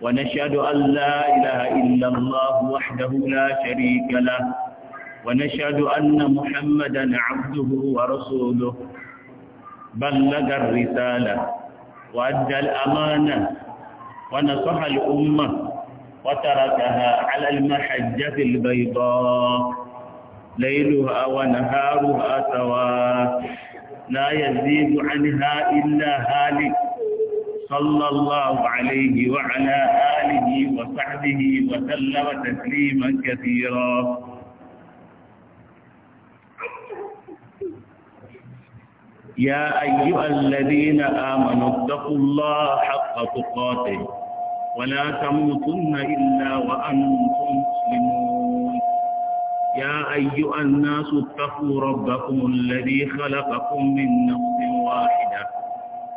ونشهد أن لا إله إلا الله وحده لا شريك له ونشهد أن محمدا عبده ورسوله بلغ الرسالة وأدى الأمانة ونصح الأمة وتركها على المحجة البيضاء ليلها ونهارها سواء لا يزيد عنها إلا هالك صلى الله عليه وعلى آله وصحبه وسلم تسليما كثيرا يا أيها الذين آمنوا اتقوا الله حق تقاته ولا تموتن إلا وأنتم مسلمون يا أيها الناس اتقوا ربكم الذي خلقكم من نفس واحدة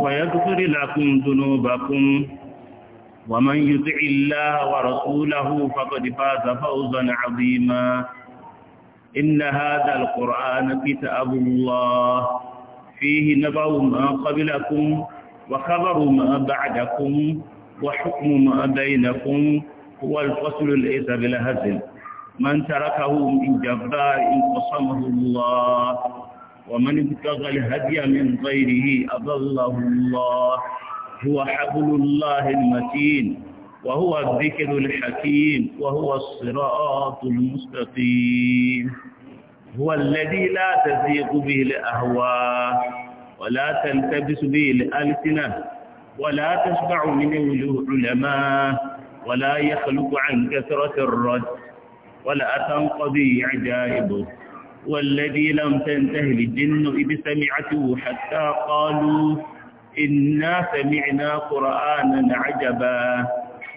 ويغفر لكم ذنوبكم ومن يطع الله ورسوله فقد فاز فوزا عظيما إن هذا القرآن كتاب الله فيه نبأ ما قبلكم وخبر ما بعدكم وحكم ما بينكم هو الفصل ليس بالهزل من تركه من جبار قصمه الله ومن ابتغى الهدي من غيره أضله الله هو حبل الله المتين وهو الذكر الحكيم وهو الصراط المستقيم هو الذي لا تزيغ به الأهواء ولا تلتبس به الألسنة ولا تشبع منه العلماء ولا يخلق عن كثرة الرد ولا تنقضي عجائبه والذي لم تنتهي الجن إذ سمعته حتى قالوا إنا سمعنا قرآنا عجبا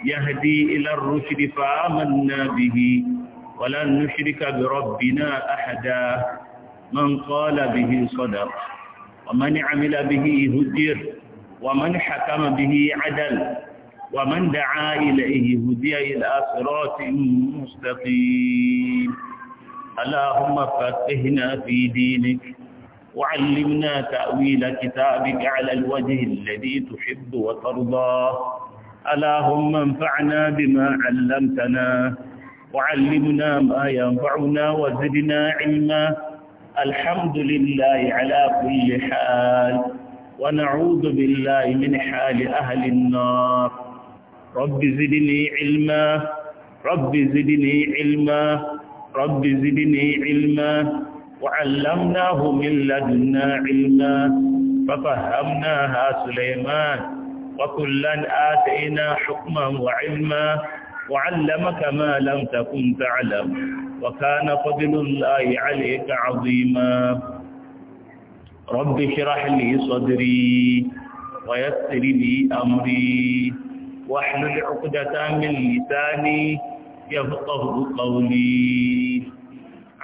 يهدي إلى الرشد فآمنا به ولن نشرك بربنا أحدا من قال به صدق ومن عمل به هدر ومن حكم به عدل ومن دعا إليه هدي إلى صراط مستقيم اللهم فقهنا في دينك وعلمنا تأويل كتابك على الوجه الذي تحب وترضى اللهم انفعنا بما علمتنا وعلمنا ما ينفعنا وزدنا علما الحمد لله على كل حال ونعوذ بالله من حال أهل النار رب زدني علما رب زدني علما رب زدني علما وعلمناه من لدنا علما ففهمناها سليمان وكلا آتينا حكما وعلما وعلمك ما لم تكن تعلم وكان فضل الله عليك عظيما رب اشرح لي صدري ويسر لي أمري واحلل عقدة من لساني يفقه قولي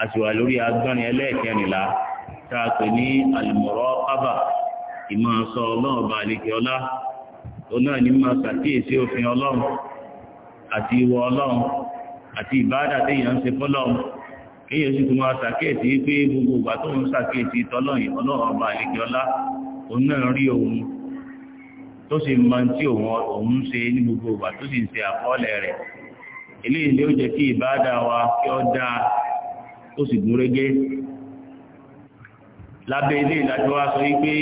a sì wà lórí agbọ́nrin ẹlẹ́ẹ̀kẹrìnlá tá ní alìmọ̀rọ̀ muraqaba ìmọ̀ sọ ọlọ́run bá ọlá náà ní máa ṣàkíyèsí òfin ọlọ́run àti ìwọ ọlọ́run àti ìbáàdà tí èèyàn ń ṣe fọ́lọ́run sì máa tí òun ṣe ní gbogbo tó sì ń àkọọ́lẹ̀ rẹ̀ jẹ́ kí wa kí dáa tó sì gún régé lábẹ́ ilé ìdájọ́ wa sọ wípé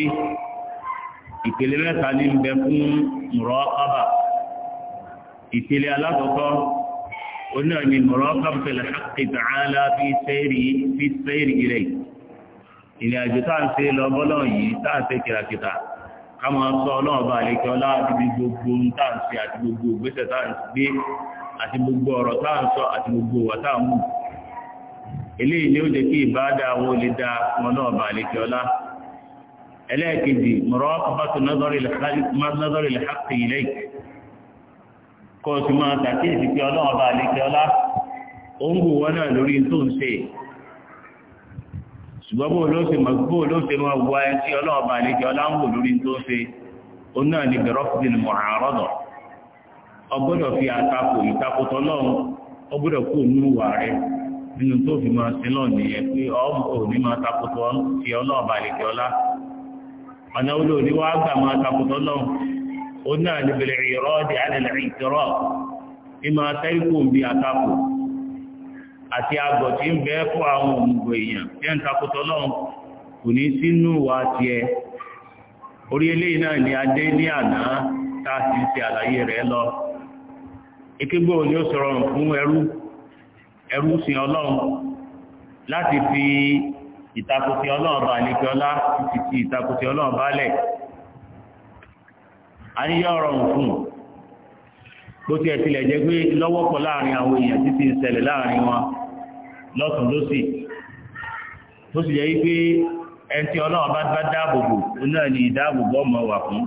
ìpele mẹ́ta ní ń bẹ fún muraqaba ìpele alákọ̀ọ́kọ́ oní ọ̀nì muraqabatul haqqi ta'ala fi sayri ilẹ̀ ìrìn àjò táà ń ṣe lọ bọ́lọ̀ yìí táà ń ṣe kìràkìtà káma sọ ọlọ́ọ̀bá àlékẹ́ ọlá àti gbogbo ń táà àti gbogbo ìgbésẹ̀ táà gbé àti gbogbo ọ̀rọ̀ táà àti gbogbo wà táà eléyìí ni ó jẹ́ kí ìbáadà àwọn olùdá wọn náà bà lè ọlá ẹlẹ́ẹ̀kejì muraqabatu nazari al-haqqi ilayk kọ́ máa tàkíyèsí pé ọlọ́wọ́ bà ọlá ó ń náà lórí tó ń ṣe ṣùgbọ́n bó ọgbọ́dọ̀ fi àtakò ọgbọ́dọ̀ nínú tó fi máa sí lọ nìyẹn pé ọmọ òní máa takùtọ̀ ti ọlọ́ọ̀bà àlèkè ọlá ọ̀nà olú òní wá gbà máa takùtọ̀ lọ́wọ́ ó náà lè bèrè ìrọ́ọ̀dì alẹ́lẹ́ ìtọ́rọ̀ ní máa tẹ́ríkù bí àtakù àti àgọ̀ tí ń fún àwọn òmùgbò èèyàn tí ń takùtọ̀ lọ́wọ́ kò ní sínú wa tiẹ̀ orí eléyìí náà ni adé ní a ti ń àlàyé rẹ̀ lọ ni ó fún ẹrú eru sin ọlọ́run láti fi ìtakùsí ọlọ́run bá lè ọlá ti ti ìtakùsí ọlọ́run bá lẹ̀ a ní yọ ọrọ̀rùn fún bó tiẹ̀ tilẹ̀ jẹ́ pé lọ́wọ́pọ̀ láàrin àwọn èèyàn títí ń sẹlẹ̀ láàrin wọn lọ́tún lọ́sì jẹ́ ẹni tí ọlọ́run bá bá dáàbòbò ó náà ní ìdáàbòbò ọmọ wà fún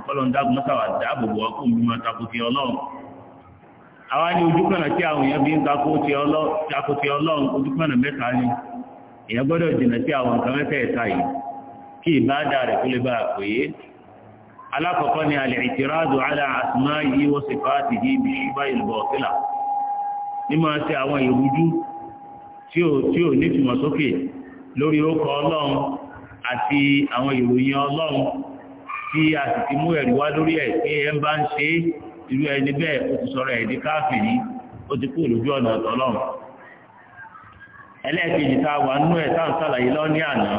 àwa ní ojúkọ̀nà tí àwọn èèyàn bí ń takò ti ọlọ́run ojúkọ̀nà mẹ́ta ni èèyàn gbọ́dọ̀ jìnà sí àwọn nǹkan mẹ́tẹ̀ẹ̀ta yìí kí ìbáadà rẹ̀ kó lè bá àpòyé alákọ̀ọ́kọ́ ni al-i'tiradu ala asma'ihi wa sifatihi bi shubahil batila ní máa ṣe àwọn ìrújú tí ò tí irú ẹni bẹ́ẹ̀ ó ti sọ̀rọ̀ ẹ̀dí káfìrí ó ti kú lójú ọ̀nà ọ̀tọ̀lọ́run ẹlẹ́ẹ̀kejì tá a wà nínú ẹ̀ táwọn sàlàyé lọ ní àná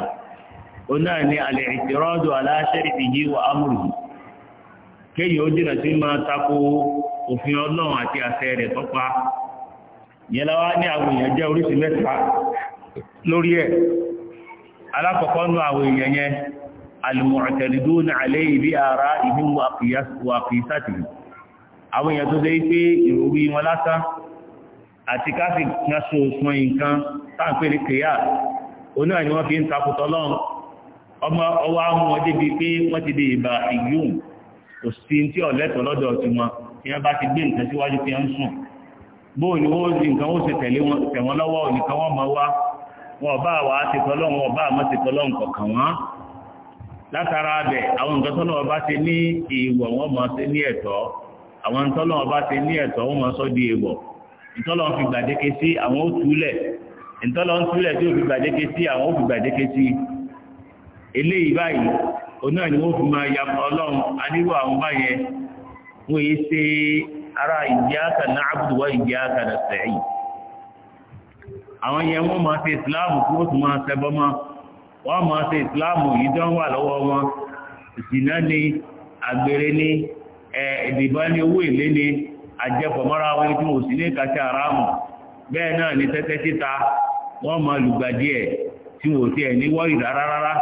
ó náà ní alẹ́ ìtìrọ́dù aláṣẹ́rì ti yí wa amúrù kéyìí ó dìrẹ̀ sí máa tako òfin ọlọ́run àti àṣẹ rẹ̀ tọ́pa yẹn lọ́wọ́ ní àwọn èèyàn jẹ́ oríṣi mẹ́ta lórí ẹ̀ alákọ̀ọ́kọ́ nú àwọn èèyàn yẹn alìmọ̀ọ̀tẹ̀lẹ́dún àlẹ́ ìbí ara ìhìn wàkìsátìlì àwọn èèyàn tó ṣe pé ìròrí wọn lásán àti káfí yanṣọ òsùn nǹkan táǹpé ní kìíyà oní àní wọ́n fi ń takùtọ̀ lọ́run ọmọ ọwọ́ ahun débi pé wọ́n ti di ìbà ìyóhùn kò sí tí ọ̀lẹ́tọ̀ lọ́dọ̀ ti wọn tí wọ́n bá ti gbé nǹkan síwájú fi ń sùn bóò ni wọ́n ní nǹkan ó ṣe tẹ̀lé wọn lọ́wọ́ nìkan wọ́n mọ̀ wá wọn ọba àwà ti tọ́lọ́ wọn ọba àmọ́ ti tọ́lọ́ nǹkan kàn wọ́n látara abẹ àwọn nǹkan ọba ti ní ìwọ̀ wọn mọ̀ sí ní ẹ̀tọ́ àwọn ntọ́lọ́ ọba ti ní ẹ̀tọ́ wọn máa sọ di èèwọ̀ ntọ́lọ́ fi gbàdéke sí àwọn ó túlẹ̀ ntọ́lọ́ ń túlẹ̀ tí ó fi gbàdéke sí àwọn ó gbàdéke sí eléyìí báyìí oná ni wọ́n fi máa ya ọlọ́run anírú àwọn báyẹn wọ́n yé ṣe ara iyyaka na'budu wa iyyaka nasta'in àwọn yẹn wọ́n máa ṣe ìsìláàmù kí wọ́n tún máa ṣẹbọ mọ́ wọ́n máa ṣe ìsìláàmù yìí dán wà lọ́wọ́ wọn ìsìná ni àgbèrè ni ìdìbò ní owó èlé ni àjẹpọ̀mọ́ra wọn tí wọ́n sì ní kàṣẹ àràmù bẹ́ẹ̀ náà ni tẹ́tẹ́ títa wọ́n mọ lùgbàdì ẹ̀ tí wọ́n ti ẹ̀ ní wọ́ọ̀rì rárá rárá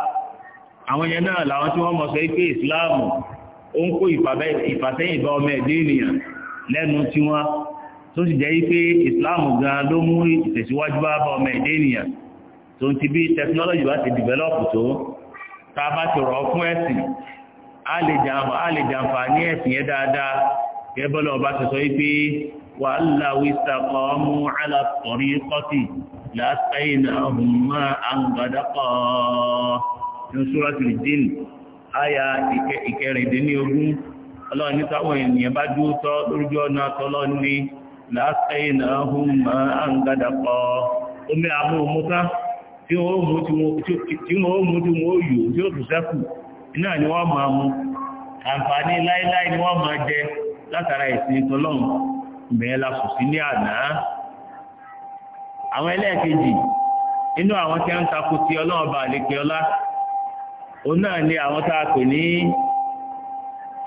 àwọn yẹn náà làwọn tí wọ́n mọ̀ sọ pé ìsìláàmù ó ń kó ìfàsẹ́yìn bá ọmọ ẹ̀dẹ́ ènìyàn lẹ́nu tí wọ́n tó sì jẹ́ pé ìsìláàmù gan ló mú ìtẹ̀síwájú bá ọmọ ẹ̀dẹ́ ènìyàn tó ti bí tẹkinọ́lọ́jì bá ti dìbẹ́lọ́pù tó tá a bá ti rọ̀ fún ẹ̀sìn a lè jàǹfààní ẹ̀sìn yẹn dáadáa gẹ́bọ́lọ̀ ọba ti sọ wípé wà láwí sàkọ́mú alàtọ̀rí kọ́tì látàínà ọmọ àǹgbàdàkọ́ ní ṣúrọ́tì dín àyà ìkẹrìndínlógún ọlọ́run ní táwọn ènìyàn bá dúró tọ́ lórí iná ni wọ́n máa mú àǹfààní láíláí ni wọ́n máa jẹ látara ìsìn tọ́lọ́run ìbẹ̀yẹn la kù sí ní àná àwọn ẹlẹ́ẹ̀kejì nínú àwọn tí ń takò ti ọlọ́run bá àlekè ọlá òun náà ni àwọn tá a pè ní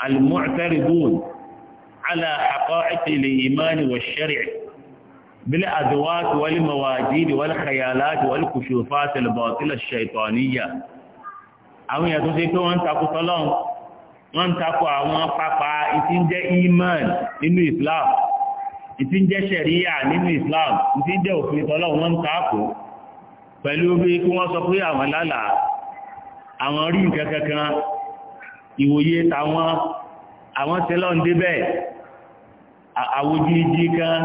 al-mu'taridun ala haqa'iqil imani wa shari' bil adwat wal mawajid wal khayalat wal kushufat al batila ash-shaytaniyya àwọn èèyàn tó ṣe pé wọ́n ń takò tọ́lọ́run wọ́n ń takò àwọn pápá ìtí ń jẹ́ iman nínú Islam ìtí ń jẹ́ ṣẹ̀ríyà nínú Islam ìtí ń jẹ́ òfin tọ́lọ́run wọ́n ń takò pẹ̀lú bí kí wọ́n sọ pé àwọn lálàá àwọn rí nǹkan kankan ìwòye tàwọn àwọn tẹ́lọ́ ń débẹ̀ àwòjíjí kan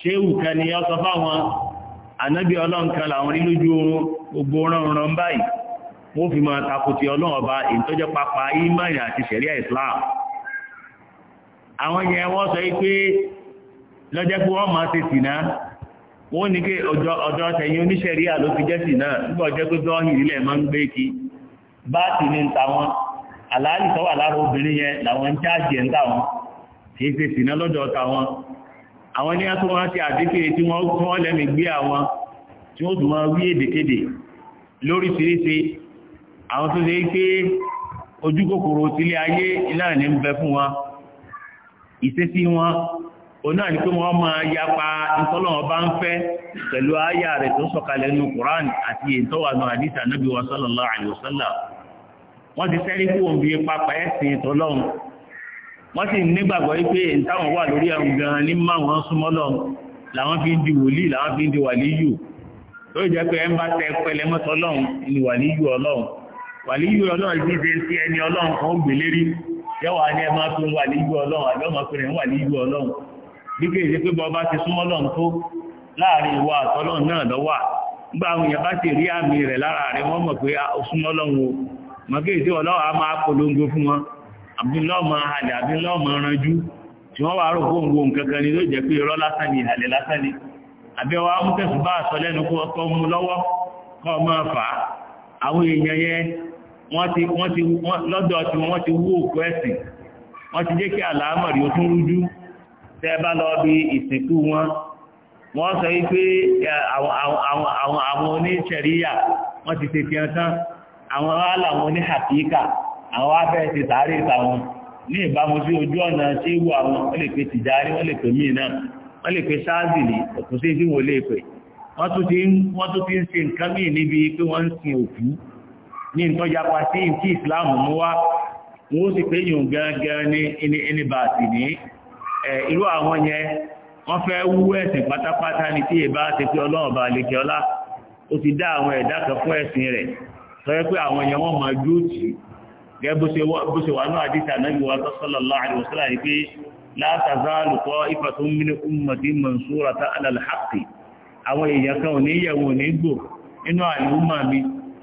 ṣéwù kan ni ọ sọ fáwọn ànábì ọlọ́nkan làwọn rí oorun gbogbo ránran báyìí wọ́n fi máa takùtì ọlọ́run ọba èyí tó jẹ́ pápá ìmáyà àti sẹ̀ríà Islam àwọn yẹn wọ́n sọ pé lọ́jẹ́ pé wọ́n máa ṣe sìnà wọ́n ní pé ọjọ́ sẹ́yìn oníṣẹ̀ríà ló fi jẹ́ sìnà nígbà ọjọ́ pé bọ́ọ̀hìn ilẹ̀ máa ń gbé kí báàtì ní ń ta wọn àlàálì tó wà lára obìnrin yẹn làwọn ń cháàjì ẹ̀ ń tà wọn kìí ṣe sìnà lọ́dọ̀ ọ̀tà wọn àwọn ní wọ́n tó wọ́n ṣe àdékèrè tí wọ́n lẹ́mìí gbé àwọn tí wọ́n àwọn tó ṣe pé ojú kòkòrò tílé ayé iná ní ń bẹ fún wọn ìṣesí wọn òun náà ni pé wọ́n máa yapa ìtọ́lọ́wọ́n bá ń fẹ́ pẹ̀lú àyà rẹ̀ tó sọ̀kalẹ̀ nínú Qur'an àti ìtọ́wànú àdìsá Ànábì wa sallallahu alaihi wasallam wọ́n ti sẹ́rí kú òun bí pápá ẹ̀sìn ìtọ́lọ́run wọ́n sì nígbàgbọ́ wípé ìtàwọn wà lórí ẹ̀rùn gan-an ní máwọn súnmọ́ lọ́run làwọn fi ń di wòlíì làwọn fi ń di wàlíyù lórí jẹ́ pé ẹ̀ ń bá tẹ pẹlẹmọ́tọ́ lọ́run ni wàlíyù ọlọ́run wàlíyù ọlọ́run ti ṣe sí ẹni ọlọ́run kan ó gbèlérí yẹ́wà ni ẹ máa pín wàlíyù ọlọ́run àbí ọmọ pín wàlíyù ọlọ́run bí kò ṣe pé ti súnmọ́ ọlọ́run tó láàrin ìwà àtọ́lọ́run náà lọ́wà nígbà àwọn èèyàn bá ti rí àmì rẹ̀ lára rẹ̀ wọ́n mọ̀ pé súnmọ́ ọlọ́run o mọ̀ kí ọlọ́run máa polongo fún wọn àlẹ́ ranjú tí wọ́n wá nǹkan kan ni ló jẹ́ wọ́n ti wọ́n ti lọ́dọ̀ tí wọ́n ti wú òkú ẹ̀sìn wọ́n ti jẹ́ kí àlàámọ̀rí ó tún rújú tẹ́ bá lọ bí ìsìnkú wọn wọ́n sọ wípé àwọn oníṣẹ̀ríyà wọ́n ti ṣe fihan tán àwọn aláwọ̀ oníhàkíkà àwọn abẹ́ ti tààrí ní ìbámu sí ojú ọ̀nà tí wù àwọn wọ́n lè pe tìjárí míì náà wọ́n lè òkú sí ìdíwọ̀n lè wọ́n tún ti ń ṣe nǹkan míì níbi pé wọ́n ń sin òkú ní ìtọ́japa sí ìtí ìsìláàmù mú wá wọ́n sì pé yùn gẹ́gẹ́ ní inibàtì ní irú àwọn yẹn wọ́n fẹ́ wú ẹ̀sìn pátápátá ní tí ìbá ti pé ọlọ́ọ̀bà àlekẹ́ ọlá ó ti dá àwọn ẹ̀dá kan fún ẹ̀sìn rẹ̀ sọ́yẹ́ pé àwọn yẹn wọ́n máa dúró tì gẹ́ bó ṣe wà náà àdìsí ànábì wa sallallahu alaihi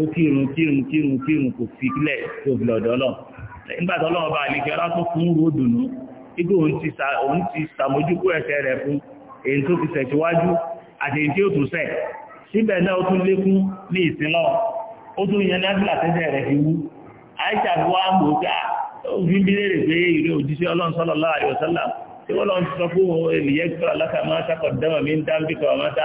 ó kírun kírun kírun kírun kò fi kílẹ̀ tó fi lọ́dọ̀ lọ nígbà tó bá tó fún ròdùnú igbó òun ti sàmójúkú ẹ̀ṣẹ̀ rẹ̀ fún èyí tó fi tẹ̀síwájú àti èyí tí ó tún sẹ̀ síbẹ̀ náà ó tún lékún ní ìsinlọ́ ah, tí wọ́n lọ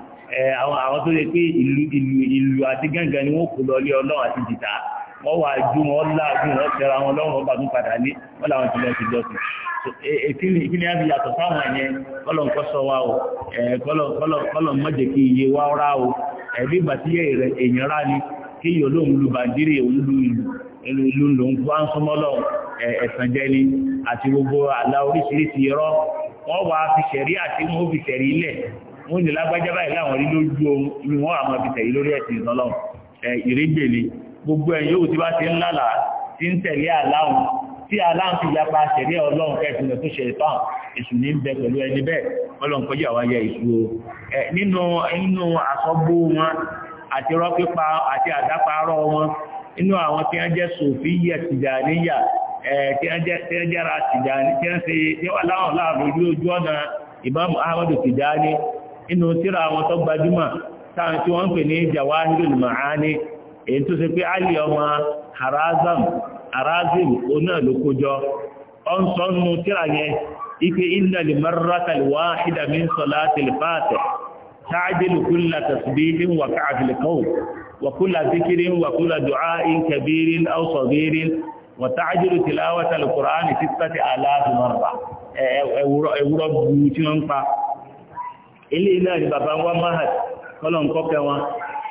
àwọn tó lè pé ìlú àti gángan ni wọ́n kò lọ lé ọlọ́run àti jìtá wọ́n wà jú wọn láàájú wọn tẹ́ra wọn lọ́rùn ọba tún padà ní wọ́n làwọn ti lọ sí jọ́sìn èkí e, e, ni a fi yàtọ̀ fáwọn ẹ̀yẹn kọ́lọ̀ nǹkan sọ wa o kọ́lọ̀ mọ́jẹ̀ kí iye wa rá o ẹ̀bí ìgbà tí èèyàn rá ni kí yóò lóun lu bàndírì òun lu ìlú ìlú ìlú lòun wá ń súnmọ́ lọ ẹ̀sàn jẹni àti gbogbo àlà oríṣiríṣi irọ́ wọ́n wà fi ṣẹ̀rí àti wọ́n fi ṣẹ̀rí ilẹ̀ wọ́n lè lágbájá báyìí láwọn rí lójú ohun ibi wọ́n àmọ́ ti tẹ̀yí lórí ẹ̀sìn ìsọlọ́run ìrégbèlè gbogbo ẹ̀yìn yóò ti bá ti ń lálà tí ń tẹ̀lé aláhùn tí aláhùn fi yapa ṣẹ̀rí ọlọ́run kẹsìn lọ tó ṣe ìtàn èṣù ní bẹ pẹ̀lú ẹni bẹ́ẹ̀ ọlọ́run kọjá wá yẹ èṣù o nínú nínú àsọ́gbó wọn àti rọ́pípa àti àdáparọ́ wọn nínú àwọn tí wọ́n jẹ́ sòfíyà tìjàníyà tí wọ́n jẹ́ra tìjàní tí wọ́n ṣe tí láwọn láàrú ojú ọ̀nà ìbámu ahmadu tìjàní inú tíra àwọn tó gbajúmọ̀ táwọn tí wọ́n ń pè ní Jawahirul Ma'ani èyí tó ṣe pé Ali ọmọ harazam harazim oná ló kójọ ọ́n sọ nínú tíra yẹn ike inna limarrata alwahida min salati al-fatih ta'dilu kulla tasbihin wa ka'fil qawl wa kulla dhikrin wa tí wọ́n pa ilé náà ni bàbá wa mahad kọ́lọ̀ ń kọ́kẹ́ wọn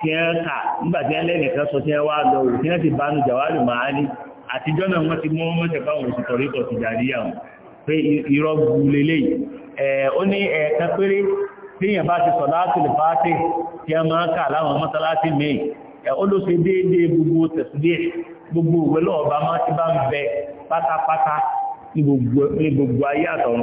tí wọ́n kà nígbà tí sọ tí wọ́n wá lọ òwò tí ti bánu jàwálù màálí àtijọ́ náà wọ́n ti ti àwọn pé irọ́ ó ní ẹ̀ẹ̀kan péré ti tí a máa kà láwọn ó ló ṣe déédéé gbogbo tẹ̀sílẹ̀ gbogbo ìwé lọ́ọ̀bá máa ti bá ń bẹ pátápátá ní gbogbo ayé àtọ̀run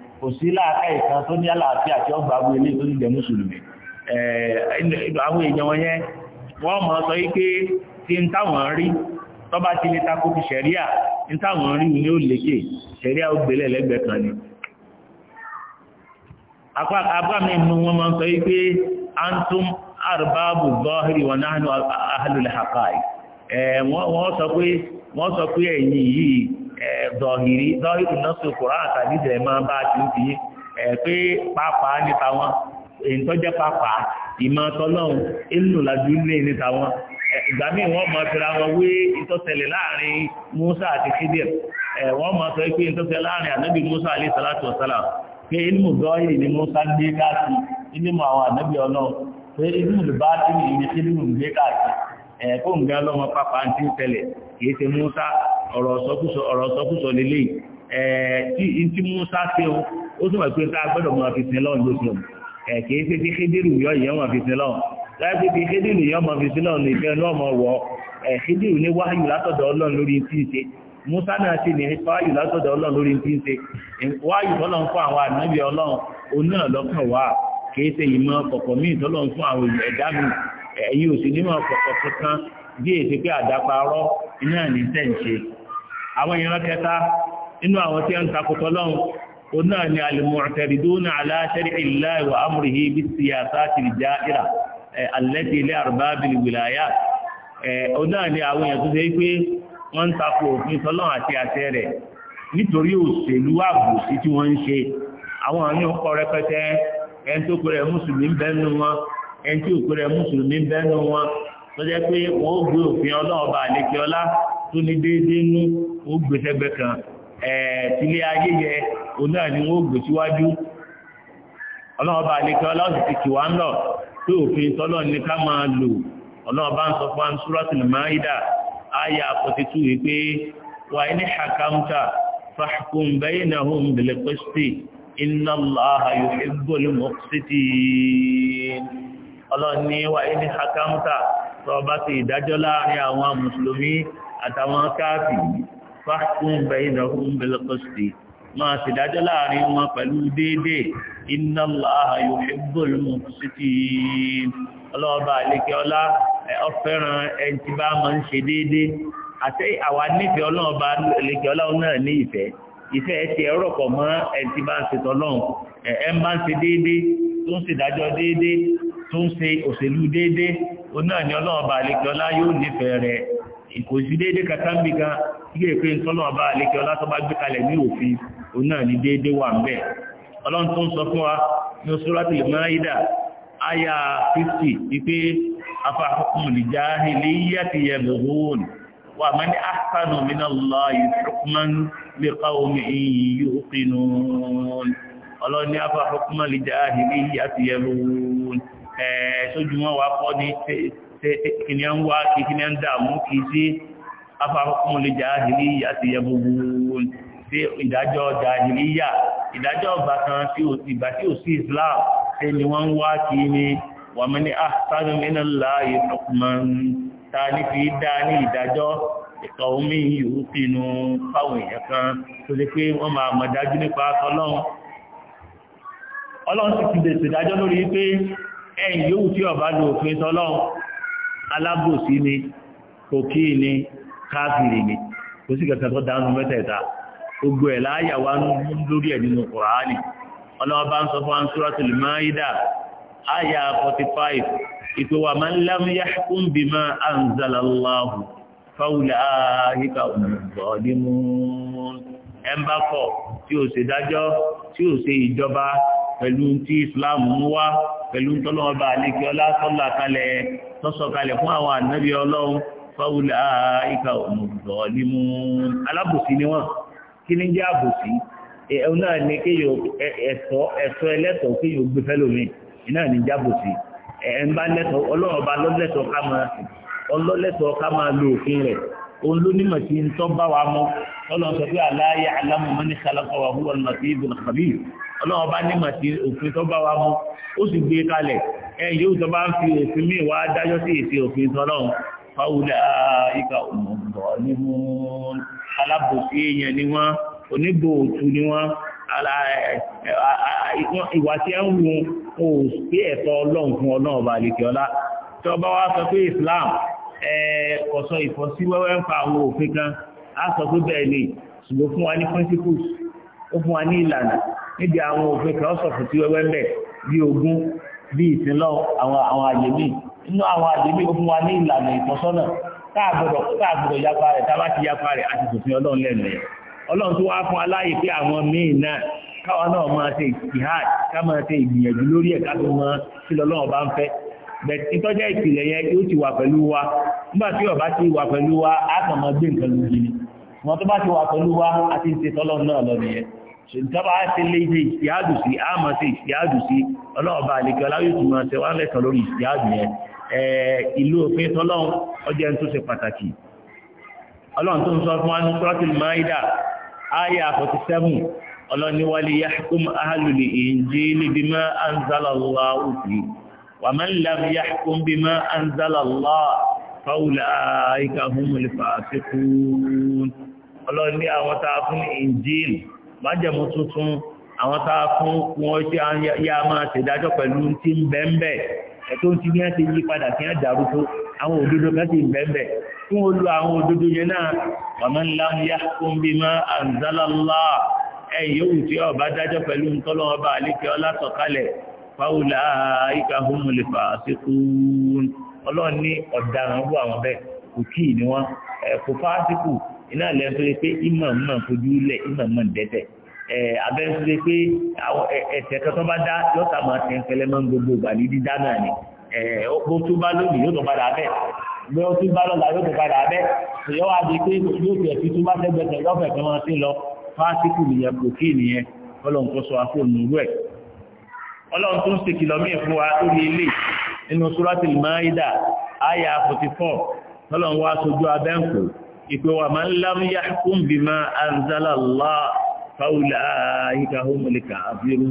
kò sí láàká ìkan tó ní àlàáfíà tí ọgbà agbó ilé tó ní jẹ mùsùlùmí àwọn èèyàn wọn wọ́n sọ ike, tí ń táwọn rí tó bá ti lè takò ti ṣẹ̀ríà ń táwọn rí ní ó lékè ṣẹ̀ríà ó gbélé lẹ́gbẹ̀ẹ́ kan ni wọ́n sọ pé yìí zọ̀hìrí zọ́hìrì náà sọ kòrò àtàdé ìṣẹ̀lẹ̀ máa bá ti ń fi eh, pé pàápàá nípa wọn èyí tó jẹ́ pàápàá ìmọ̀ làjú níta wọn eh, ìgbà míì wọ́n mọ̀ wọn wé ìtọ́tẹ̀lẹ̀ láàrin Musa àti eh, wọ́n mọ̀ sọ pé ìtọ́tẹ̀lẹ̀ láàrin Musa pé ni Musa gbé káàkiri àwọn ànábì ọlọ́run pé ẹ̀kọ́ eh, ǹgá lọ́mọ pápá tí ń tẹ́lẹ̀ kìí ṣe Musa ọ̀rọ̀ sọkúsọ lélẹ̀ eh, tí in ti Musa ṣe o ó túnmọ̀ pé tá a gbọ́dọ̀ mọ̀ fi sin lọ́run lóṣù eh, kìí ṣe bí Khediru yọ ìyẹn mọ̀ fi sin lọ́run láti bí Khediru yọ mọ̀ fi sin lọ́run nìkan náà mọ̀ wọ̀ Khediru ní wáyù látọ̀dọ̀ Ọlọ́run lórí tí ń ṣe Musa náà ti ní wáyù látọ̀dọ̀ Ọlọ́run lórí tí ń ṣe wáyù tọ́lọ́run fún àwọn ànábì Ọlọ́run onírànlọ́kàn wà kìí ṣe ìmọ̀ kọ̀kọ̀ míì tọ́lọ́run fún àwọn ẹ̀dá míì ẹ̀yin ò sì ní mọ̀ pọ̀pọ̀ kankan bí èsì pé àdáparọ́ iná ní tẹ̀ǹṣe àwọn ìran kẹta nínú àwọn tí a ń takùtọ̀ lọ́hùn òun náà ni al na ala shar'i Allahi wa amrihi bis jaira allati li arbab al òun náà ni àwọn èèyàn tó ṣe pé wọ́n ń takò òfin àti àṣẹ rẹ̀ nítorí òṣèlú àbòsí tí wọ́n ń ṣe àwọn rẹpẹtẹ ẹni tó ẹni tí òpèrè mùsùlùmí bẹ́nu wọn tó jẹ́ pé wọ́n gbé òfin ọlọ́ọ̀bà àlékè ọlá tó ní déédéé nú ó kan ẹ̀ẹ́tílé ayé ni wọ́n gbé síwájú ọlọ́ọ̀bà àlékè ọlá ó sì ti kì ń lọ pé òfin tọ́lọ̀ ní ká máa lò ọlọ́ọ̀bá ń sọ fún wa in hakamta fahkum ọlọ́run ní wà ní hakamta tó bá ti ìdájọ́ láàrin àwọn mùsùlùmí àtàwọn káàfì fákún bainahum bil qisti máa ti dájọ́ láàrin wọn pẹ̀lú déédé inna Allaha yuhibbul muqsitin ọlọ́ọ̀bá àlékẹ́ ọlá ọ̀fẹ́ràn ẹni tí bá máa ń ṣe déédé àti àwa nífẹ̀ẹ́ ọlọ́ọ̀bá àlékẹ́ ọlá náà ní ìfẹ́ ìfẹ́ ti ẹ̀rọ pọ̀ mọ́ ẹni bá ń ṣe tọ́lọ́hùn ẹ̀ bá ń ṣe déédé tó ń ṣèdájọ́ déédé tó ń ṣe òṣèlú déédé òun náà ni ọlọ́run bá àlejò ọlá yóò nífẹ̀ẹ́ rẹ̀ kò sí déédé kàtàmbì kan ilé ìpé ìtọ́lọ́run bá àlejò ọlá tó bá gbé kalẹ̀ ní òfin òun náà wà ń ní Suratul Maida aya 50 wípé afahukmul jahiliyyati yabghun wa man ahsanu minallahi hukman liqawmin yuqinun ọlọ́run ní afahukmul Eh, sójú wọn wá fọ́ ní kíni ń wá kí kíni ń dààmú kí sí afáfọ́kún lè jàhílíyà ti yẹ gbogbo sí ìdájọ́ jàhílíyà ìdájọ́ ọgbà kan ìgbà tí ò sí Islam ṣe ni wọ́n ń wá kí ni wa man ahsanu minallahi hukman ta ní fi dá ní ìdájọ́ ìtọ̀ omi yìí kan tó lè pé wọ́n máa mọ̀ dájú nípa ọlọ́run ọlọ́run sì ti lórí pé ẹ̀yìn yóò tí ọba lò òfin tọ́lọ́run alábòsí ni kòkí ni káfìrì ni kò sí kẹta tó dánú mẹ́tẹ̀ẹ̀ta gbogbo ẹ̀ láyàwó lórí ẹ̀ nínú kùránì ọlọ́wọ́ bá ń sọ fún Suratul 45 ìpè wa man lam yahkum bima anzalallahu faula'ika zalimun ẹ̀ ń bá kọ̀ tí ò pẹ̀lú tí islam mú wá pẹ̀lú tọ́lọ́ọba àlékí ọlá sọ́lá kalẹ̀ tọ́sọ̀ kalẹ̀ fún àwọn ànábì ọlọ́run fáwọlá ìka òmùgbọ̀ nímú alábòsí ni wọ́n kí ní jẹ́ àbòsí ẹ̀hún náà ni kéèyàn ẹ̀tọ́ ẹ̀tọ́ ẹlẹ́tọ̀ọ́ kéèyàn gbé fẹ́ lómi iná ní jábòsí ẹ̀ ń bá lẹ́tọ̀ọ́ ọlọ́ọba lọ́lẹ́tọ̀ọ́ ká máa ọlọ́lẹ́tọ̀ọ́ ká máa lo òfin rẹ̀ òun ló nímọ̀ sí ń tọ́ bá wa mọ́ ọlọ́run sọ aláyé alámọ̀ mọ́ní kálákọ̀ wà húwà lọ́sí ibùdó kàbíyì ọlọ́wọ́ bá nímọ̀ sí òfin tó bá wa mú ó sì gbé kalẹ̀ ẹ̀yìn yóò tó bá ń fi òfin míì wá dájọ́ sí èsì òfin tọ́lọ́run fáwùlà ìka òmùbọ̀ ní mú alábòsí èèyàn ni wọ́n oníbòòtú ni wọ́n ìwà tí ń wù ó pé ẹ̀tọ́ ọlọ́run fún ọlọ́run bá lè kíọ́lá tí ọba wa sọ pé Islam kò ìfọ́síwẹ́wẹ́ ń fa àwọn òfin kan á sọ pé bẹ́ẹ̀ ni ṣùgbọ́n fún wa ní principles ó fún wa ní ìlànà níbi àwọn òfin kìlọ́sọ̀fù tí wẹ́wẹ́ mẹ́ bí ogún bí àwọn àjèmí inú àwọn àjèmí ó wa ní ìlànà ìtọ́sọ́nà yapa rẹ̀ tá a bá ti yapa rẹ̀ sòfin ọlọ́run lẹ́nu ọlọ́run tó wá fún aláyè pé àwọn míì náà káwa náà máa ṣe ká máa ṣe ìgbìyànjú lórí ẹ̀ ká tó mọ kí lọ́lọ́run bá ń fẹ́ ìtọ́jẹ́ ìpìlẹ̀ yẹn yóò ti wà pẹ̀lú wa nígbà tí ti wà pẹ̀lú wa á kàn máa gbé nǹkan lójú ni wọn tó bá ti wà pẹ̀lú wa ṣùntọ́bà ti lè ṣe ìṣíádù sí àmọ́ sí ìṣíádù sí ọlọ́ọ̀bà àlekẹ́ ọláyò tó máa ṣe wá lẹ́kàn lórí ìṣíádù yẹn ìlú òfin tọ́lọ́run ọjọ́ tó ṣe pàtàkì ọlọ́run tó ń sọ fún wa ní suratul maida aya forty seven ọlọ́run ní wali yahkum ahlul àwọn tá fún injili májẹ̀mú tuntun àwọn tá a fún wọn ṣe yá máa ṣèdájọ́ pẹ̀lú tí ń bẹ́ńbẹ́ ẹ̀tọ́ ti ní àti yí padà kí á dàrú tó àwọn òdodo kan ti bẹ́ẹ̀bẹ̀ fún olú àwọn òdodo yẹn náà wàmọ́ ńlá ń yá fún bí mọ́ àǹzálàlá ẹ̀yọ́wù tí ó bá dájọ́ pẹ̀lú ntọ́lọ́wọ́ bá iná lẹ́nu tó lè pé ìmọ̀ mọ̀ fojú lẹ̀ ìmọ̀ mọ̀ dẹ́tẹ̀ abẹ́rẹ́ tó lè pé ẹsẹ̀ kẹtọ́ bá dá yọ̀ọ̀ta máa tẹ̀ ń fẹlẹ́ mọ́ gbogbo ìgbàlí dídá náà ni bó tún bá lónìí yóò tó padà bẹ́ẹ̀ bí ó tún bá lọ́la yóò tó padà bẹ́ẹ̀ ìyọ́ wa di pé yóò tẹ̀ fi tún bá tẹ́gbẹ̀tẹ̀ lọ́fẹ̀ kan máa ti lọ fásitì nìyẹn kò kí nìyẹn ọlọ́run tó sọ àfọ̀nù rú ẹ̀ ọlọ́run tó ń ṣe kìlọ̀ míì fún wa lórí ilé nínú Suratul Maida àyà 44 ọlọ́run wa sojú ìpéwà máa ń lámúyá fún bí máa anzalallá fáwùlá ìka homolika àfihàn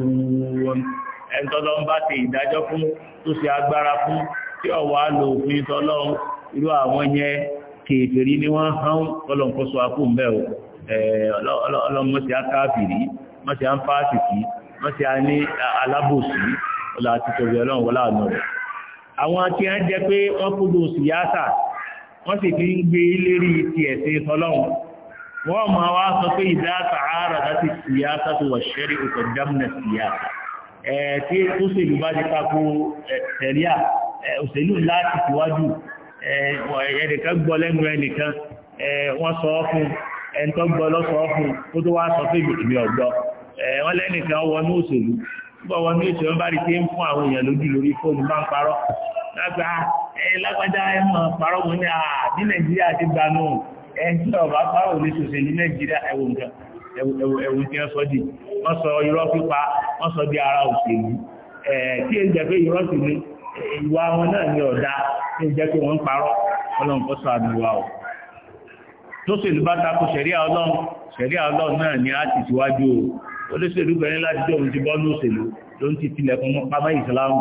ẹni tọ́lọ́ ń bá ti ìdájọ́ fún tó ṣe agbára fún tí ọ̀wà lò òfin tọ́lọ́ irú àwọn yẹn kèfèrí ni wọ́n hán ọlọ́nkọ́sọ akúmbẹ̀ ọlọ́mọ́sí wọ́n sì fi ń gbé lérí ti ẹ̀sìn tọ́lọ́hun wọ́n ma wá sọ pé ìdáta ara láti síyáta tó wà ṣẹ́rí ọ̀tọ̀ dámnà síyáta tí ó sì lù bá ti tako tẹ̀ríà òṣèlú láti síwájú ẹnìkan gbọ́ lẹ́nu ẹnìkan wọ́n sọ ọ́ fún gbọ́ lọ́sọ kó tó wá sọ lágbà lágbàjá ẹmọ̀ parọ́mù ní àà ní nàìjíríà ti gbanú ẹ̀yìn ọ̀bá parọ́ ní ṣòṣè ní nàìjíríà ẹwù nǹkan ẹwù tí wọ́n sọ di wọ́n sọ irọ́ pípa wọ́n sọ di ara òṣèlú tí èyí jẹ́ pé irọ́ sì ni ìwà wọn náà ní ọ̀dá tí ó jẹ́ pé wọ́n ń parọ́ ọlọ́run kọ́ sọ àdúrà ọ̀ tó ṣèlú bá tako ṣẹ̀ríà ọlọ́run a ti síwájú o olóṣèlú bẹ̀rẹ̀ láti dé òun ti bọ́ ní òṣèlú ló ń ti tilẹ̀kùn pamọ́ ìsìláàmù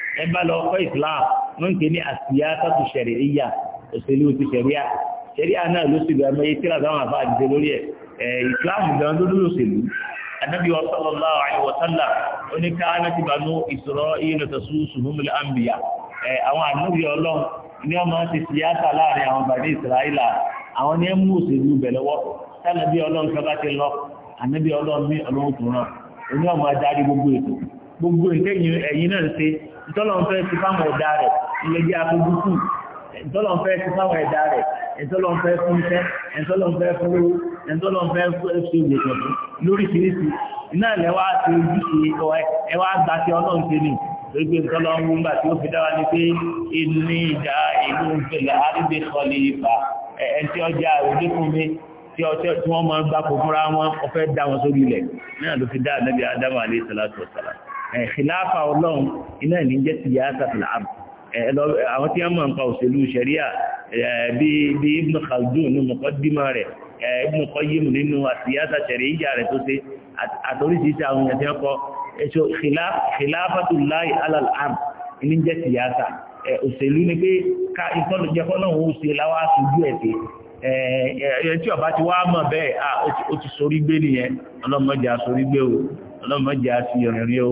ẹ bá lọ ọkọ̀ islam wọ́n ń pè ní àsìyáta tó ṣẹ̀rẹ̀ ìyá òṣèlú ti ṣẹ̀ríà ṣẹ̀ríà náà ló sì gbàmọ́ yé tíra táwọn àfa àdìsẹ́ lórí ẹ̀ islam gan ló lórí òṣèlú anábì sallallahu alaihi wa sallam oníkàánà ti bànú isra'ila tasusuhumul anbiya àwọn ànábì ọlọ́run ní ọmọ ti siyasa láàrin àwọn bàdé ìsìláìlà àwọn ní ẹmú òṣèlú bẹ̀ lọ́wọ́ tánàbí ọlọ́run tó ràn oní ọmọ adarí gbogbo ètò gbogbo ìtẹ́yìn ẹ̀yìn náà ṣe ìtọ́lọ́nfẹ́ ti fáwọn ẹ̀dá rẹ̀ ìlẹ́gbẹ́ akójúkù ìtọ́lọ́nfẹ́ ti fáwọn ẹ̀dá rẹ̀ ìtọ́lọ́nfẹ́ fún iṣẹ́ ìtọ́lọ́nfẹ́ fún owó ìtọ́lọ́nfẹ́ fún ìṣòwò lóríṣiríṣi iná ilẹ̀ wá ti ojúṣe ẹwà gba ti ọlọ́run ṣe ni gbogbo ìtọ́lọ́run gbà tí ó fi dára ni pé ìní ìjà ìlú ìfẹ̀lẹ̀ àríbẹ̀ kọlì ìfà ẹ̀ tí ọjà òde fún mi tí ọtẹ́ tí wọ́n máa ń gbapò fúnra wọn ọ̀fẹ́ dá wọn sórí ilẹ̀ náà ló fi dá ànábì ádámù alayhi salatu wa salam Eh, khilafa ọlọ́run iná ní jẹ́ siyasa fil ard àwọn tí wọ́n mọ̀ nípa òṣèlú sharia eh, bí ibn khaldun ní muqaddima rẹ̀ eh, ibn qayyim nínú siyasa sharia rẹ̀ tó ṣe àtòríṣiṣẹ́ àwọn èèyàn tí wọ́n kọ́ ẹ̀ṣọ́ khilafatullahi ala al-ard ní jẹ́ siyasa òṣèlú ni pé ká ìfọ́lùjẹ́kọ́ náà ó ṣe láwá ṣojú ẹ̀ṣẹ́ ẹ̀yẹ tí ọba ti wá mọ̀ bẹ́ẹ̀ ah, ó ti sorí gbé nìyẹn ọlọ́mọdé asorí gbé o ọlọ́mọdé asiyọ̀rìn rí o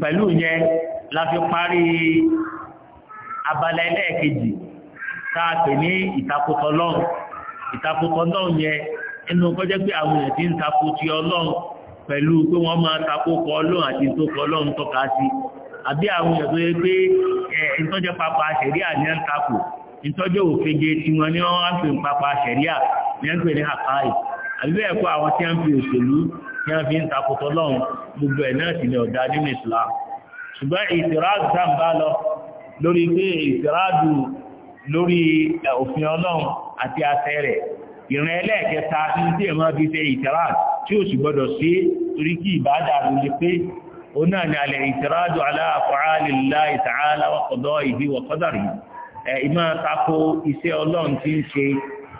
pẹ̀lú yẹn la fi parí abala ẹlẹ́ẹ̀kejì tá a pè ní ìtakùtọ̀ ọlọ́run ìtakùtọ̀ ọlọ́run yẹn inú kọjẹ́ pé àwọn ti ń takò ti pẹ̀lú pé wọ́n máa takò kọ àti tó kọ tọ́ka sí àbí àwọn papa ní ń ìtọ́jẹ́ òfege tí wọ́n ní papa ní ń pè ní àkáì àbí bẹ́ẹ̀ àwọn tí wọ́n tí wọ́n fi ń takòtọ́ lọ́run gbogbo ẹ̀ náà sì lè ọ̀dá nínú Islam ṣùgbọ́n ìtìráàdù tá ń bá lọ lórí pé ìtìráàdù lórí òfin ọlọ́run àti àṣẹ rẹ̀ ìrìn ẹlẹ́ẹ̀kẹta ní tí ẹ̀mọ́ fi ṣe ìtìráàdù tí ó sì gbọ́dọ̀ sí torí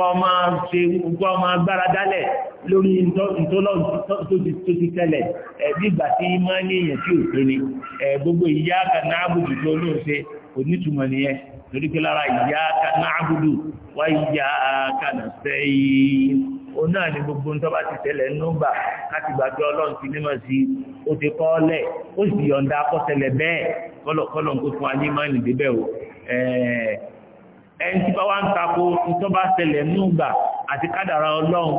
kọ́ máa ṣe kọ́ máa gbára dálẹ̀ lórí tó ti tẹ́lẹ̀ ẹ̀bí ìgbà tí máa ní èèyàn tí ò pé ni gbogbo ìyá kaná àbùdù tó lóun ṣe kò nítumọ̀ nìyẹn torí pé lára ìyá kaná àbùdù wá ìyá kaná sẹ́yìn ó náà ní gbogbo tó bá ti tẹ́lẹ̀ nùgbà láti gbàgbé ọlọ́run ti mímọ̀ sí ó ti kọ́ lẹ̀ ó sì yọ̀ǹda akọ́sẹ̀lẹ̀ bẹ́ẹ̀ kọ́lọ̀kọ́lọ̀ ń kó fún wa ní máa nìdí bẹ́ẹ̀ o ẹni tí bá wá ń tako tó bá nígbà àti kádàrá ọlọ́run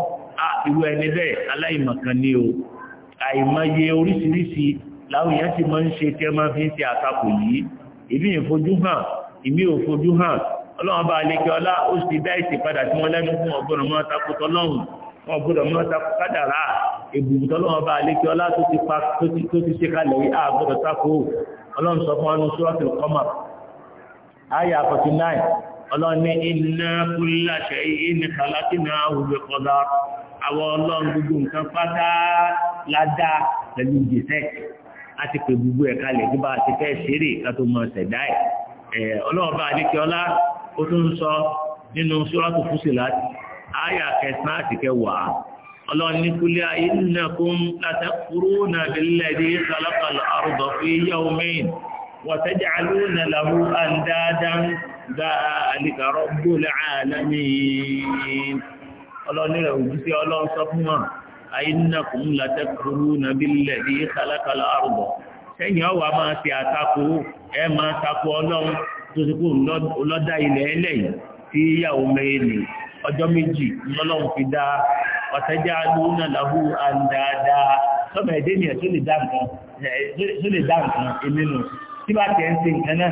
a ìwé ẹni bẹ́ẹ̀ aláìmọ̀kan ni o àìmọye oríṣiríṣi láwọn èèyàn ti máa ń ṣe tí ẹ máa fi ń ṣe àtakò yìí ìbí ìfojú hàn ìbí òfojú hàn ọlọ́run bá lè kí ọlá ó sì dá ìsìn padà tí wọ́n lẹ́nu fún ọgbọ́dọ̀ mọ́ tako tọ́lọ́run wọn gbọ́dọ̀ 49 ọlọ́ni iná kúláṣẹ́ ìní kàlákínà òwe kọ́dá àwọn ọlọ́run gbogbo nǹkan pátá ládá pẹ̀lú jésẹ̀ láti pè gbogbo ẹ̀ka lè bí bá a ti fẹ́ ṣeré ká tó mọ ṣẹ̀dá ẹ̀ ọlọ́run bá adékẹ́ ọlá ó tún sọ nínú sọ́rọ́tù Fusilat áyà kẹsàn-án àti kẹwàá ọlọ́run ní kúlẹ̀ innakum latakfuruna billadhi khalaqal arda fi yawmayn wa taj'aluna lahu andadan dáàlìkà rọ́gbò láàlámì ọlọ́nirẹ̀ òjúsí ọlọ́n sọ fún wọn àyínàkùn látẹ́kùrú nàbílẹ̀ bí kálákálá àrùbọ̀ sẹ́yìn ọwà máa ti àtakò ẹ máa takò ọlọ́run tó ti kú ọlọ́dá ilẹ̀ ẹlẹ́yìn tí yàwó mẹ́ẹ̀lì ọjọ́ méjì lọ́lọ́run fi dá ọ̀tẹ́já lóúnà làwù àndáadáa sọ́mọ̀ ẹ̀dẹ́ ni ẹ̀ tó lè dá nǹkan èmi nù tí bá tẹ̀ ń ṣe nǹkan náà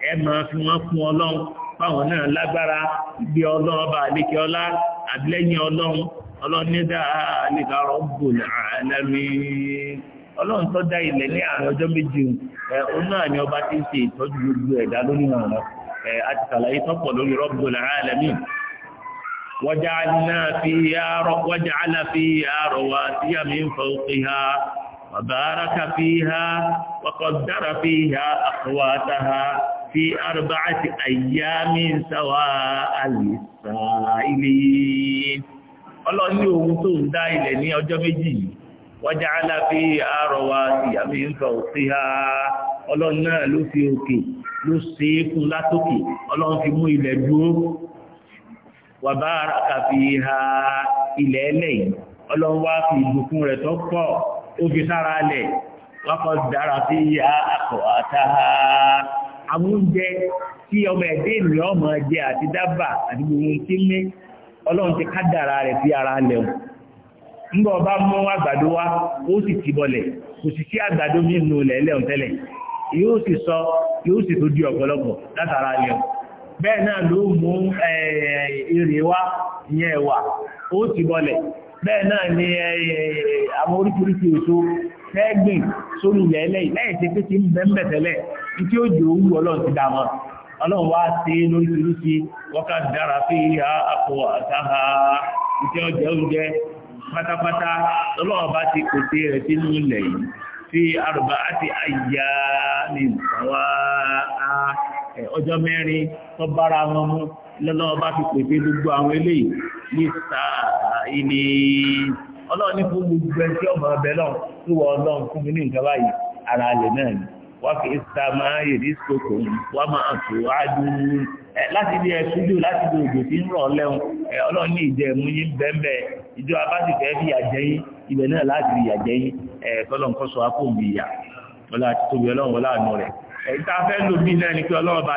ẹ máa fi wọ́n fún ọlọ́run fáwọn náà lágbára bí ọlọ́run ọba àlékè ọlá àbílẹ́yìn ọlọ́run ọlọ́run ní dáa nígbà ọlọ́run tó dá ilẹ̀ ní àárín ọjọ́ méjì ẹ ọba ti ń ṣe ìtọ́jú gbogbo ẹ̀dá lórí ẹ àti sàlàyé tọ́pọ̀ lórí في أربعة أيام سواء للسائلين ọlọ́run ní ohun tó ń dá ilẹ̀ ní ọjọ́ méjì wọ́n já aláfí àrọwà ìyàmí ń ha ọlọ́run náà ló fi òkè ló ṣe fún látókè ọlọ́run mú ilẹ̀ ha ilẹ̀ ọlọ́run wá fi rẹ̀ tó pọ̀ ó fi sára amúnjẹ tí ọmọ ẹ̀dẹ́ ìlú ọmọ jẹ àti dábà àti gbogbo tí ń ọlọ́run ti kádàrà rẹ̀ fi ara ńgbọ́ ọba mú àgbàdo wá ó sì ti kò sì sí àgbàdo tẹ́lẹ̀ sọ yóò sì tó di ọ̀pọ̀lọpọ̀ látara wá fẹ́gbìn sórí ilẹ̀ ẹlẹ́ lẹ́yìn tí pé ti ń bẹ́ mẹ́tẹ̀lẹ̀ tí ó jò owó ọlọ́run ti dámọ́ ọlọ́run wá sí lóríṣiríṣi wọ́ká dára fi àpò àtàhà ìtẹ́ ọjẹ́ oúnjẹ pátápátá ọlọ́run bá ti pèsè rẹ̀ sínú ilẹ̀ yìí fi àrùbá àti àyà ní ìtàwà sáà ilé ọlọ́run ní fún gbogbo ẹni tí ọmọ ọbẹ̀ náà tí wọ́n ọlọ́run fún mi ní nǹkan báyìí ara alẹ̀ náà ni wọ́n fi ìta máa yè ní sọ́kò wọ́n máa tó ájú láti ilé ẹ̀sùjú láti ilé òjò tí ń rọ̀ lẹ́hùn ọlọ́run ní ìjẹ mú yín bẹ́ẹ̀bẹ́ ìjọ abájìfẹ́ fi àjẹ́ yín ibẹ̀ náà láti rí àjẹ́ yín kọ́lọ́n kọ́sọ akóbi ìyà ọlá àti tóbi ọlọ́run wọlá àánú rẹ̀ ìta fẹ́ lò bí náà ni pé ọlọ́run bá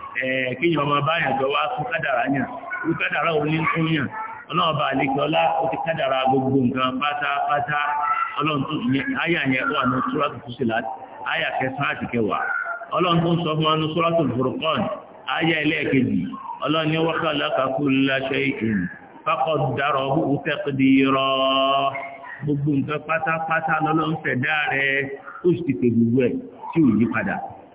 Ee, ọmọ báyàn tó wá fún kádàrà yàn fún kádàrà òní fún yàn ọlọ́ọ̀bà àlekọ́lá ó ti gbogbo nǹkan pátápátá ọlọ́run tó yẹn wà ní sùràtù Fusilat kẹsàn-án kẹwàá ọlọ́run tó ń sọ ní ní gbogbo nǹkan pátápátá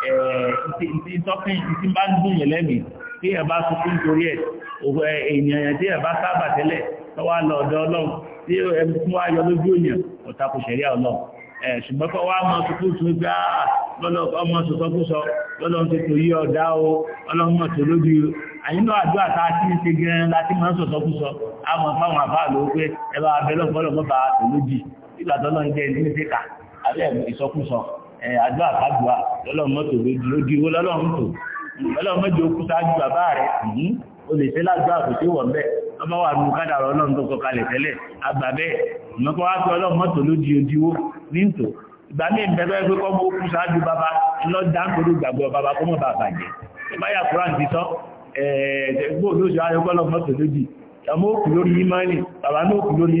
ìtọ́kìn tí bá ń dùn yẹn lẹ́mìí tí ẹ bá sunkún torí ẹ̀ ènìyàn tí ẹ bá sábà tẹ́lẹ̀ tọ́wá lọ ọ̀dọ̀ ọlọ́run tí ẹ fún wa yọ lójú èèyàn ọ̀tá kò ṣẹ̀rí ọlọ́run ṣùgbọ́n kọ́ wá mọ sunkún tún gbá ah, lọ́lọ́ ọmọ sọ̀sọ́kúsọ lọ́lọ́ ti tò yí ọ̀dá o ọlọ́mọ tó lójú àyínlọ́ àdúrà tá a ti ń ṣe gẹ́rẹ́ láti máa ń sọ̀sọ́kúsọ a mọ̀ fáwọn àbá ló pé ẹ bá abẹ́lọ́gbọ́lọ́gbọ́ bá tò lójú ìgbà tọ́lọ́ ń jẹ́ ìdílé àdúrà kádùá lọ́lọ́run mọ́tò lójú owó lọ́lọ́run tó lọ́lọ́run mọ́jọ okú sáájú bàbá rẹ̀ o lè ṣe ládùá kò sí wọ̀ bẹ́ẹ̀ ọmọ wà nù kádà ọlọ́run tó kọkalẹ̀ tẹ́lẹ̀ àgbà bẹ́ẹ̀ ìmọ̀kọ́ wá pé ọlọ́run mọ́tò lójú ojú owó ní tò ìgbà míì ń bẹ́ẹ̀ pé kọ́mọ okú sáájú bàbá lọ́dà ń kodó gbàgbọ́ bàbá kọ́mọ bàbà jẹ́ ìbáyà kúrán ti sọ ẹ̀ẹ́dẹ́gbò lóṣù ayọ́kọ́lọ́ mọ́tò lójú ọmọ òkú lórí ìmánì bàbá náà òkú lórí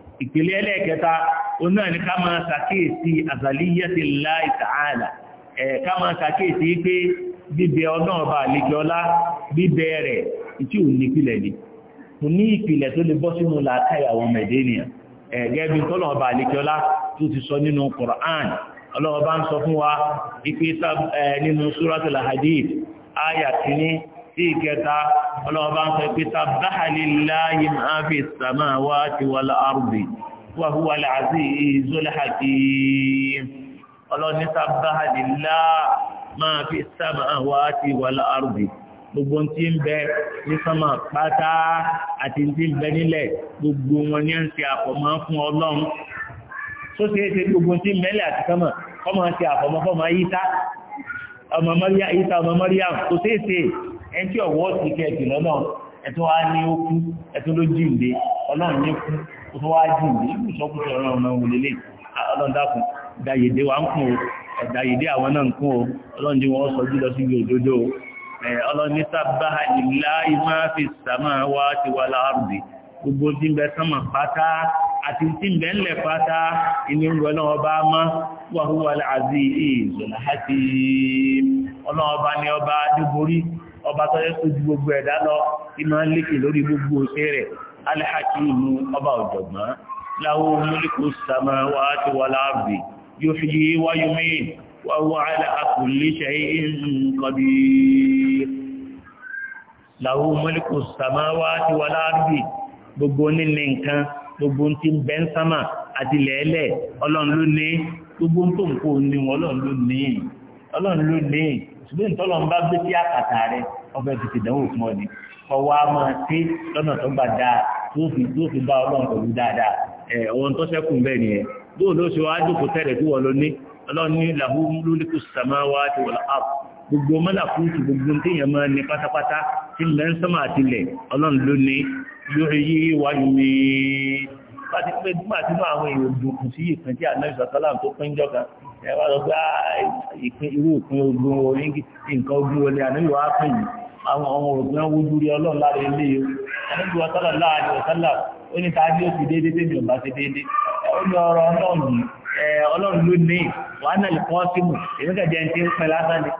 ìpele ẹlẹ́ẹ̀kẹta oní ẹni ká máa sàkíyèsí àzàlíyẹ́sì láì tààlà ẹ̀ ká máa sàkíyèsí pé bíbẹ ọdún ọba àlejò ọlá bíbẹ rẹ̀ tí ò ní ìpìlẹ̀ ni kò ní ìpìlẹ̀ tó lè bọ́ sínú làákàyàwó sí ìkẹta ọlọ́ọ̀bá ń sọ pé sabbaha lillahi ma fi samawati wal ardi wa huwa al-azizul hakim ọlọ́ni sabbaha lillahi ma fi samawati wal ardi gbogbo tí ń bẹ ní sánmà pátá àti tí ń bẹ nílẹ̀ gbogbo wọn ní ń ṣe àfọ̀mọ́ fún ọlọ́run tó ṣe é ṣe gbogbo tí mẹ́lẹ̀ àti sánmà kọ́mọ ṣe àfọ̀mọ́ fọ́mọ yíta ọmọ mọ́ríà ìta ọmọ mọ́ríà kò tètè ẹni tí ọ̀wọ́ ti kẹ́ẹ̀kì lọ́nà ẹ̀tún wá ní ó kú ẹ̀tún ló jíǹde ọlọ́run ní kú ó tún wá jíǹde ìbùsọ́kùsọ̀ ọ̀rọ̀ ọmọ òlélẹ̀ ọlọ́run dákun dàyèdè wa ń kún o ẹ̀dàyèdè àwọn náà ń kún o ọlọ́run jí wọ́n sọ jùlọ sí òdodo ọlọ́run ní sábà ìlà ìmáfi sàmáwá ti wà láàrùbí gbogbo tí ń bẹ sánmà pátá àti tí ń bẹ̀ ń lẹ̀ pátá inú ọlọ́wọ́ bá mọ́ wàhúwà láàzí ìzọ̀lá àti ọlọ́wọ́ bá ní ọba dúborí ọba tó yẹ kójú gbogbo ẹ̀dá lọ iná lékè lórí gbogbo ṣe rẹ̀ alhakimu ọba ọ̀jọ̀gbọ́n gbogbo nílé nǹkan gbogbo ti ń bẹ́ ń sámà àti lẹ́ẹ̀lẹ̀ ọlọ́run ló ní gbogbo tó ń kó ní wọn ọlọ́run ló ní ọlọ́run ló ní ṣùgbọ́n ìtọ́lọ̀ ń bá gbé sí àkàtà rẹ ọbẹ̀ ti ṣèdánwò fún ọ ni kọwa máa ṣe lọ́nà tó gbà dáa tó fi tó fi bá ọlọ́run pẹ̀lú dáadáa ẹ̀ ọ̀hún tó ṣẹ́kù bẹ́ẹ̀ nìyẹn bóòlù ó ṣe wá jókòó tẹ̀rẹ̀ tí wọ́n ló ní ọlọ́run ní làhùn lóníkù sàmáwá ti wọ́n gbogbo mọ́làkúùtù gbogbo téèyàn máa ní pátápátá tí ń bẹ ń sọ́mà àtìlẹ̀ ọlọ́run ló ní yóò yí wáyé mi láti pé nígbà tí wọ́n àwọn èèyàn dùnkù sí ìpín tí àná ìsọ̀tọ́lá tó pín jọ kan ẹ wá lọ pé ìpín irú òpin ogun orí nǹkan ogun wọlé àná ìwà pín yìí àwọn ọmọ òpin ojú rí ọlọ́run lára ilé yìí àná ìwà sọ́lá láàrin ọ̀sọ́lá ó ní ká bí ó ti déédéé ọ̀bá ti déédéé ó ní ọ̀rọ̀ ọlọ́run ọlọ́run ló ní wàhánà lè kọ́ símù èmi kẹ̀jẹ̀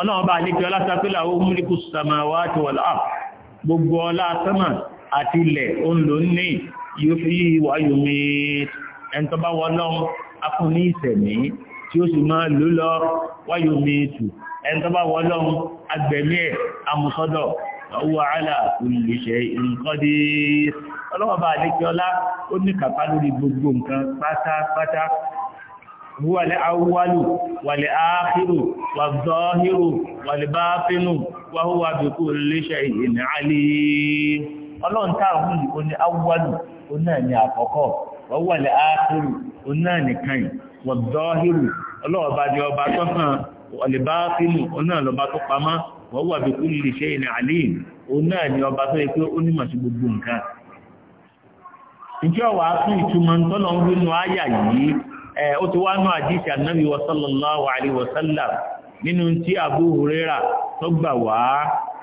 ọlọ́ọ̀bá àlékẹ́ ọlásàpílà ó múlíkù sàmàwà àti wọ̀lá gbogbo ọlá sánmà àti ilẹ̀ oúnlò ní yóò fi wà yómi ẹntọba wọlọ́n afún ní ìsẹ̀mí tí ó sì máa ló lọ wáyómi ètù ẹntọba wọlọ́n agbẹ̀mí ẹ̀ amúsọ́dọ̀ wà álà olùṣẹ́ ìǹkọ́dé ọlọ́ọ̀bá àlékẹ́ ọlá ó ní kàpá lórí gbogbo nǹkan pátápátá هو الأول والآخر والظاهر والباطن وهو بكل شيء عليم ọlọ́run táàmù o ní awọ́lù o náà ní àkọ́kọ́ ọwọ́ lè áàkìrù o náà nìkan wọ̀dọ́hìrù ọlọ́ọ̀bá ni ọba tó hàn ọ̀lẹ̀báàkìrù o náà lọ́ba tó pamọ́ wọ́wọ́ àbíkú lè ṣe ìrìn àlíyìn o náà ó ti wá nù àdìsí ànábì wa sallallahu alayhi wa sallam nínú tí Abu Huraira tó gbà wá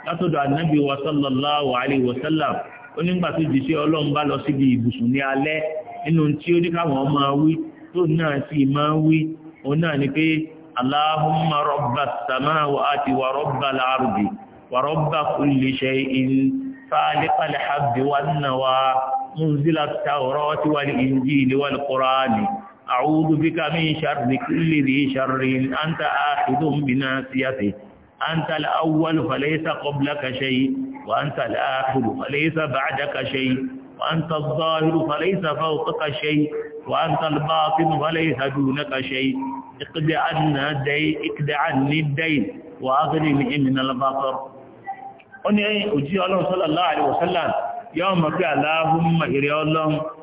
látọ̀dọ̀ ànábì wa sallallahu alayhi wa sallam ó nígbà tó jì sí ọlọ́run bá lọ síbi ìbùsùn ní alẹ́ nínú tí ó ní káwọn máa wí tó náà sì máa wí òun náà ni pé Allahumma rabbas samawati wa rabbal ardi wa rabba kulli shay'in خالق الحب والنوى منزل التوراة والإنجيل والقرآن أعوذ بك من شر كل ذي شر أنت آخذ بناسيته أنت الأول فليس قبلك شيء وأنت الآخر فليس بعدك شيء وأنت الظاهر فليس فوقك شيء وأنت الباطن فليس دونك شيء اقدع عنا الدين اقدع عني الدين وأغنني من البطر ó أجي الله صلى الله عليه وسلم يوم mọ̀ pé aláhùn mọ̀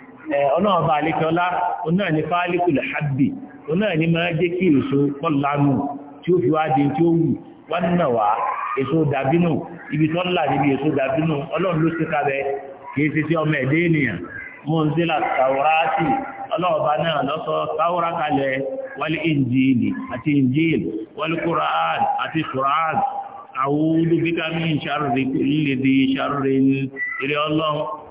ọlọ́ọ̀bá alékọ́lá onáà ní fáálíkùlù hábì onáà ní máa jẹ́ kí èso pọ́lánù tí ó fi wá di tí ó wù wọ́n nà wá èso dàbínú ibi tó ńlá níbi èso dàbínú ọlọ́run ló ṣe kábẹ kì í ṣe sí ọmọ ẹ̀dẹ́ ènìyàn mọ́ńsílà tàwọ́ráàtì ọlọ́ọ̀bá náà lọ́sọ táwọ́rá kalẹ̀ wálé ìnjíìlì àti ìnjíìlì wálé kùrán àti kùrán àwùjọ bíkà mí ìṣàròrè lè di ìṣàròrè ọlọ́run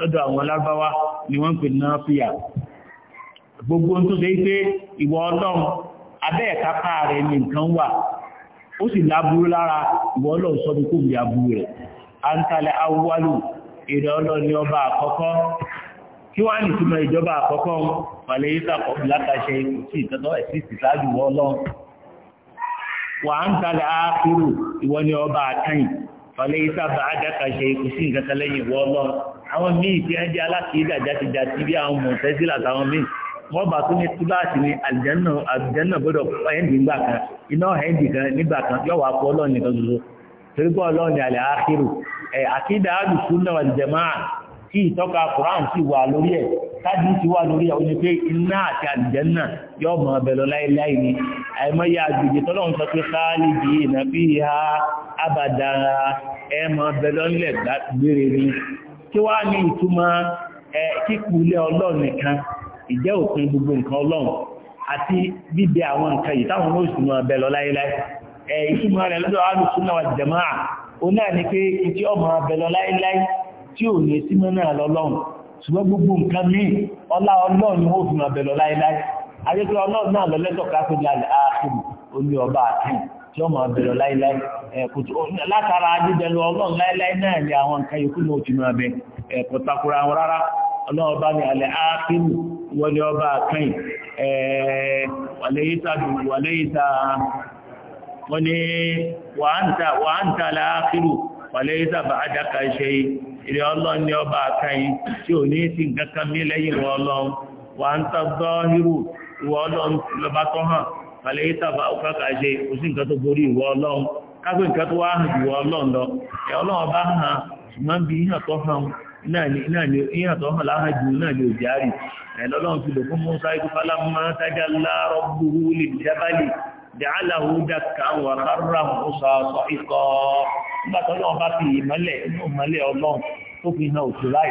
lọ́dọ̀ àwọn lágbáwá ni wọ́n pè náà fíyà gbogbo tó ṣe pé ìwọ ọlọ́run abẹ́ẹ̀ká paara rẹ̀ nǹkan wà ó sì lábúrú lára ìwọ ọlọ́run sọ́bí kò ya aburú rẹ̀ antalẹ̀ awúwálù èrè ọba ní ọlọ́run ni ọba àtàyìn sí àwọn míì tí ẹjẹ́ alákìíjà játijàti bí àwọn mọ̀tẹ́sílà àtàwọn míì wọ́n bá tún ní túláàsì ní àlìjẹ́nà àlìjẹ́nà gbọ́dọ̀ ẹ̀ǹdì nígbà kan iná ẹ̀ǹdì kan nígbà kan yóò wá pọ̀ ọlọ́ọ̀ni kan tuntun torí pé ọlọ́ọ̀ni àlẹ́ àkírù ẹ̀ àkídà àlùsùn náà àlìjẹ̀má tí ìtọ́ka Quran sì wà lórí ẹ̀ tájú ti wà lórí ẹ̀ ó ní pé iná àti àlìjẹ́nà yóò mọ̀ ọbẹ̀ lọ láéláé ni àìmọye àgbègbè tọ́lọ́run sọ pé sáálì di ìnà bí i ha abàdàrà ẹ̀ mọ̀ ọbẹ̀ lọ́nlẹ̀ gbére ni kí wá ní ìtumọ̀ ẹ kíkù ilé ọlọ́run nìkan ìjẹ́ òpin gbogbo nǹkan ọlọ́run àti bíbẹ àwọn nǹkan yìí táwọn mọ́sùnmọ́ abẹ lọ láíláí ẹ ìtumọ̀ rẹ̀ lọ́dọ̀ alùsùnà wà jẹ̀máà ó náà ni pé ìtí ọmọ abẹ lọ láíláí tí ò ní símọ́ náà lọ́lọ́run ṣùgbọ́n gbogbo nǹkan míì ọlá ọlọ́run ni wọ́n fi tí ó máa bẹ̀rẹ̀ láíláí ẹ̀kùtù látara jíjẹlu ọlọ́run láíláí náà ni àwọn nǹkan yòókù náà ti máa bẹ ẹ̀kọ́ wọn rárá ọlọ́run alẹ́ ápínù wọlé ọba àkànyìn wàléyíta wàléyíta wọ́n ní wàhántà bá àdáka ṣe ìrẹ́ ọlọ́run ní ọba àkànyìn tí pàlẹ́ ìtàbà òkàkà ṣe kò sí nǹkan tó borí ìwọ ọlọ́run kágbé nǹkan tó wá hàn ìwọ ọlọ́run lọ ẹ̀ ọlọ́run bá hàn ṣùgbọ́n bí ìhàn hàn láhàn jù náà ni òjì àrì ẹ̀ máa láàárọ̀ lè ikọ̀ nígbà tó lọ́wọ́ bá fi ìmọ́lẹ̀ inú ìmọ́lẹ̀ ọlọ́run tó fi hàn láì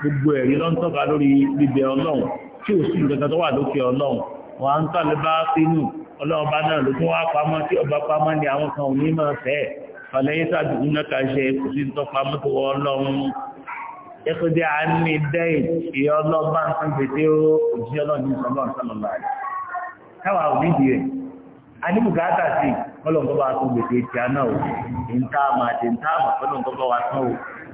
gbogbo ẹ̀rí ló ń tọ́ka lórí bíbẹ ọlọ́run tí ò sí nǹkan tó wà lókè ọlọ́run wọn à ń tàlẹ́ bá sínú ọlọ́run bá náà ló tún wá pamọ́ tí ọba pamọ́ ni àwọn kan ò ní máa fẹ́ fàlẹ́yìn sàdùkú náà kà ṣe kò sí tó pamọ́ tó wọ ọlọ́run ẹkọjẹ à ń ní dẹ́yìn ìyá ọlọ́ba ń san gbèsè ó òjíṣẹ́ ọlọ́run ní sọlọ́run sọlọ́lá rẹ̀ káwa a ní bùkátà sí ọlọ́run tó bá san gbèsè ìtìá náà ò ń tá àmà àti ń tá ọlọ́run tó bá wa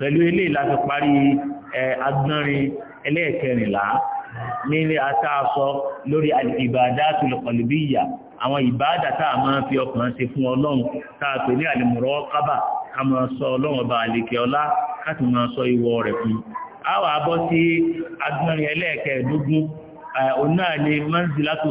pẹ̀lú ilé láti parí agbọ́nrin ẹlẹ́ẹ̀kẹrìnlá nílé atáàsọ lórí al-ibadatul qalbiyya àwọn ìbáàdà táà máa fi ọkàn ṣe fún ọlọ́run táà pè ní al-muraqaba ká máa sọ ọlọ́run ọba àlèkè ọlá káti máa sọ ìwọ rẹ̀ fún àwà abọ́ sí agbọ́nrin ẹlẹ́ẹ̀kẹẹ̀dógún ọ̀nà ni manzilatu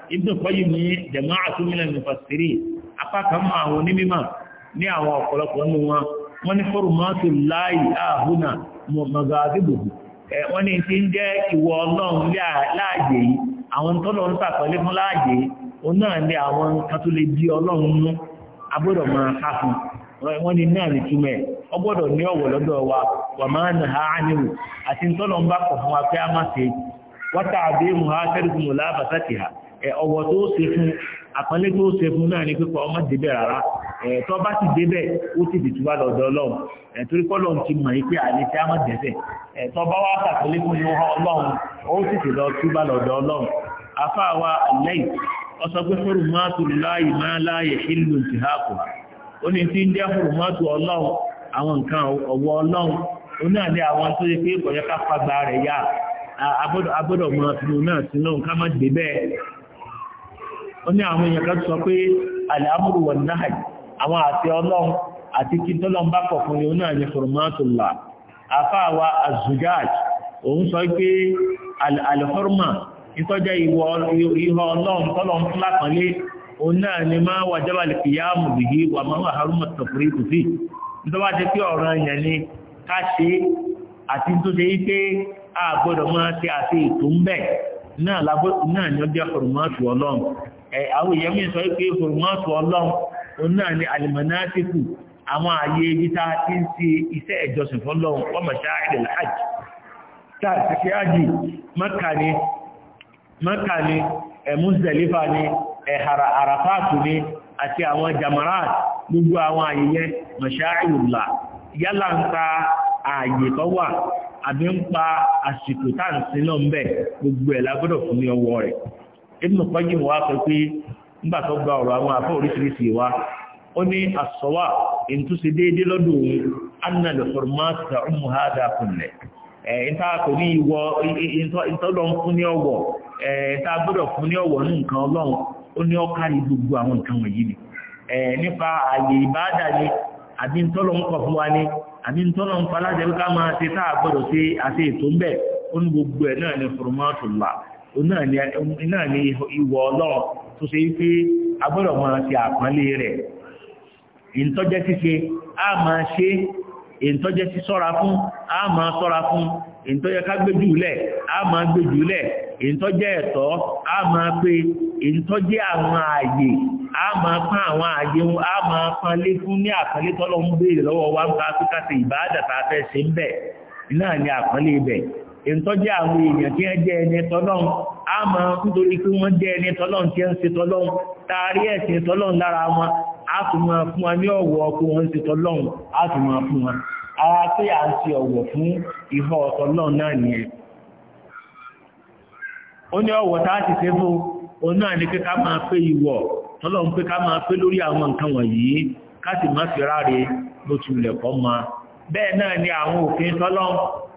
Ibn Qayyim ní jama'atu min al-mufassirin apá kan mọ́ àwọn onímọ̀ ní àwọn ọ̀pọ̀lọpọ̀ nínú wọn wọ́n ní fọ́rùmọ́tò láì ààbùnà mọ̀gàdìbòbò wọ́n ní ti ń jẹ́ ìwọ ọlọ́run láàyè yìí àwọn tọ́lọ̀ ń sàkọlé fún láàyè òun náà ní àwọn kan ọgbọ́dọ̀ ní ọ̀wọ̀ lọ́dọ̀ wa wà máa ánìwò àti ń bá kọ̀ ha sẹ́dùkú mu ha ọwọ́ tó ṣe fún àpọ́nlé tó ṣe fún náà ní pípa ọmọ débẹ̀ rárá bá ti débẹ̀ ó ti dìtú wá lọ́dọ̀ ọlọ́run ti mọ̀ yí pé tí a mọ̀ dẹ́ṣẹ̀ tó bá wá fún lọ tú bá wa lẹ́yìn ọsọ pé fúrù máa láàyè máa láàyè ti há kù ó ní tí ń fúrù máa ọlọ́run àwọn nǹkan ọlọ́run ó àwọn tó yẹ pé ká fagbá rẹ̀ yá náà sínú ká má dé ó ní àwọn èèyàn kan sọ pé al-amru wan-nahy àwọn àti ọlọ́run àti kí tọ́lọ́n bá kọ̀ fún yóò náà ní hurmatullah afáwa az-zujaj òun sọ pé al-hurma ìtọ́jẹ́ ìwọ ìhọ ọlọ́run tọ́lọ́n fún lápọ̀lé òun náà ni máa wajaba al-qiyamu bihi wà máa wà haruma at-tafriqu fihi náà ni ó jẹ́ ọlọ́run àwọn èèyàn mi sọ pé fòrùmọ́tò ọlọ́run òun náà ni alìmọ̀nàtìkù àwọn ààyè ibi tá ti ń ṣe iṣẹ́ hajj ni mọ́kà ni ni ẹ̀hàrà àràfáàtù ni àti àwọn jamarat gbogbo àwọn ààyè Ibn Qayyim wá sọ pé nígbà tó gba ọ̀rọ̀ àwọn àfọ́ oríṣiríṣi wá ó ní àsọ̀wà ìtúsí déédéé lọ́dọ̀ òun anna al-hurmat ìta kò ní ìwọ fún ní ìta gbọ́dọ̀ fún ní ní nǹkan ọlọ́run ó ní gbogbo àwọn nǹkan wọ̀nyí ni nípa ààyè ìbáadà ni àbí ìtọ́lọ́ kọ̀ fún wa ni àbí ìtọ́lọ́ ń wíká máa ṣe tá gbọ́dọ̀ ṣe àṣẹ ètò náà ni ìwọ ọlọ́run tó ṣe wípé agbọ́dọ̀ máa ṣe àpọ́nlé rẹ̀ ìntọ́jẹ́ ṣíṣe a ma ṣe ìntọ́jẹ́ sí sọ́ra fún a ma sọ́ra fún ìntọ́jẹ́ ká gbé a ma gbé lẹ̀, ìntọ́jẹ́ ẹ̀tọ́ a ma pé ìntọ́jẹ́ àwọn ààyè a ma pán àwọn ààyè a ma fún ní tọ́lọ́ ń béèrè lọ́wọ́ ń pa áfíkà sí ìbáàdàtà ìtọ́jú àwọn èèyàn tí ẹ jẹ́ ẹni tọ́lọ́n a máa nítorí kí wọ́n jẹ́ ẹni tọ́lọ́n tí ẹ ń tọ́lọ́n taari ẹ̀sìn tọ́lọ́n lára wọn a tún máa fún wa ní ọ̀wọ̀ ọkọ̀ wọn si tọ́lọ́n a tún máa fún ara a ọ̀wọ̀ fún ìhọ́ tọ́lọ́n náà náà ni pé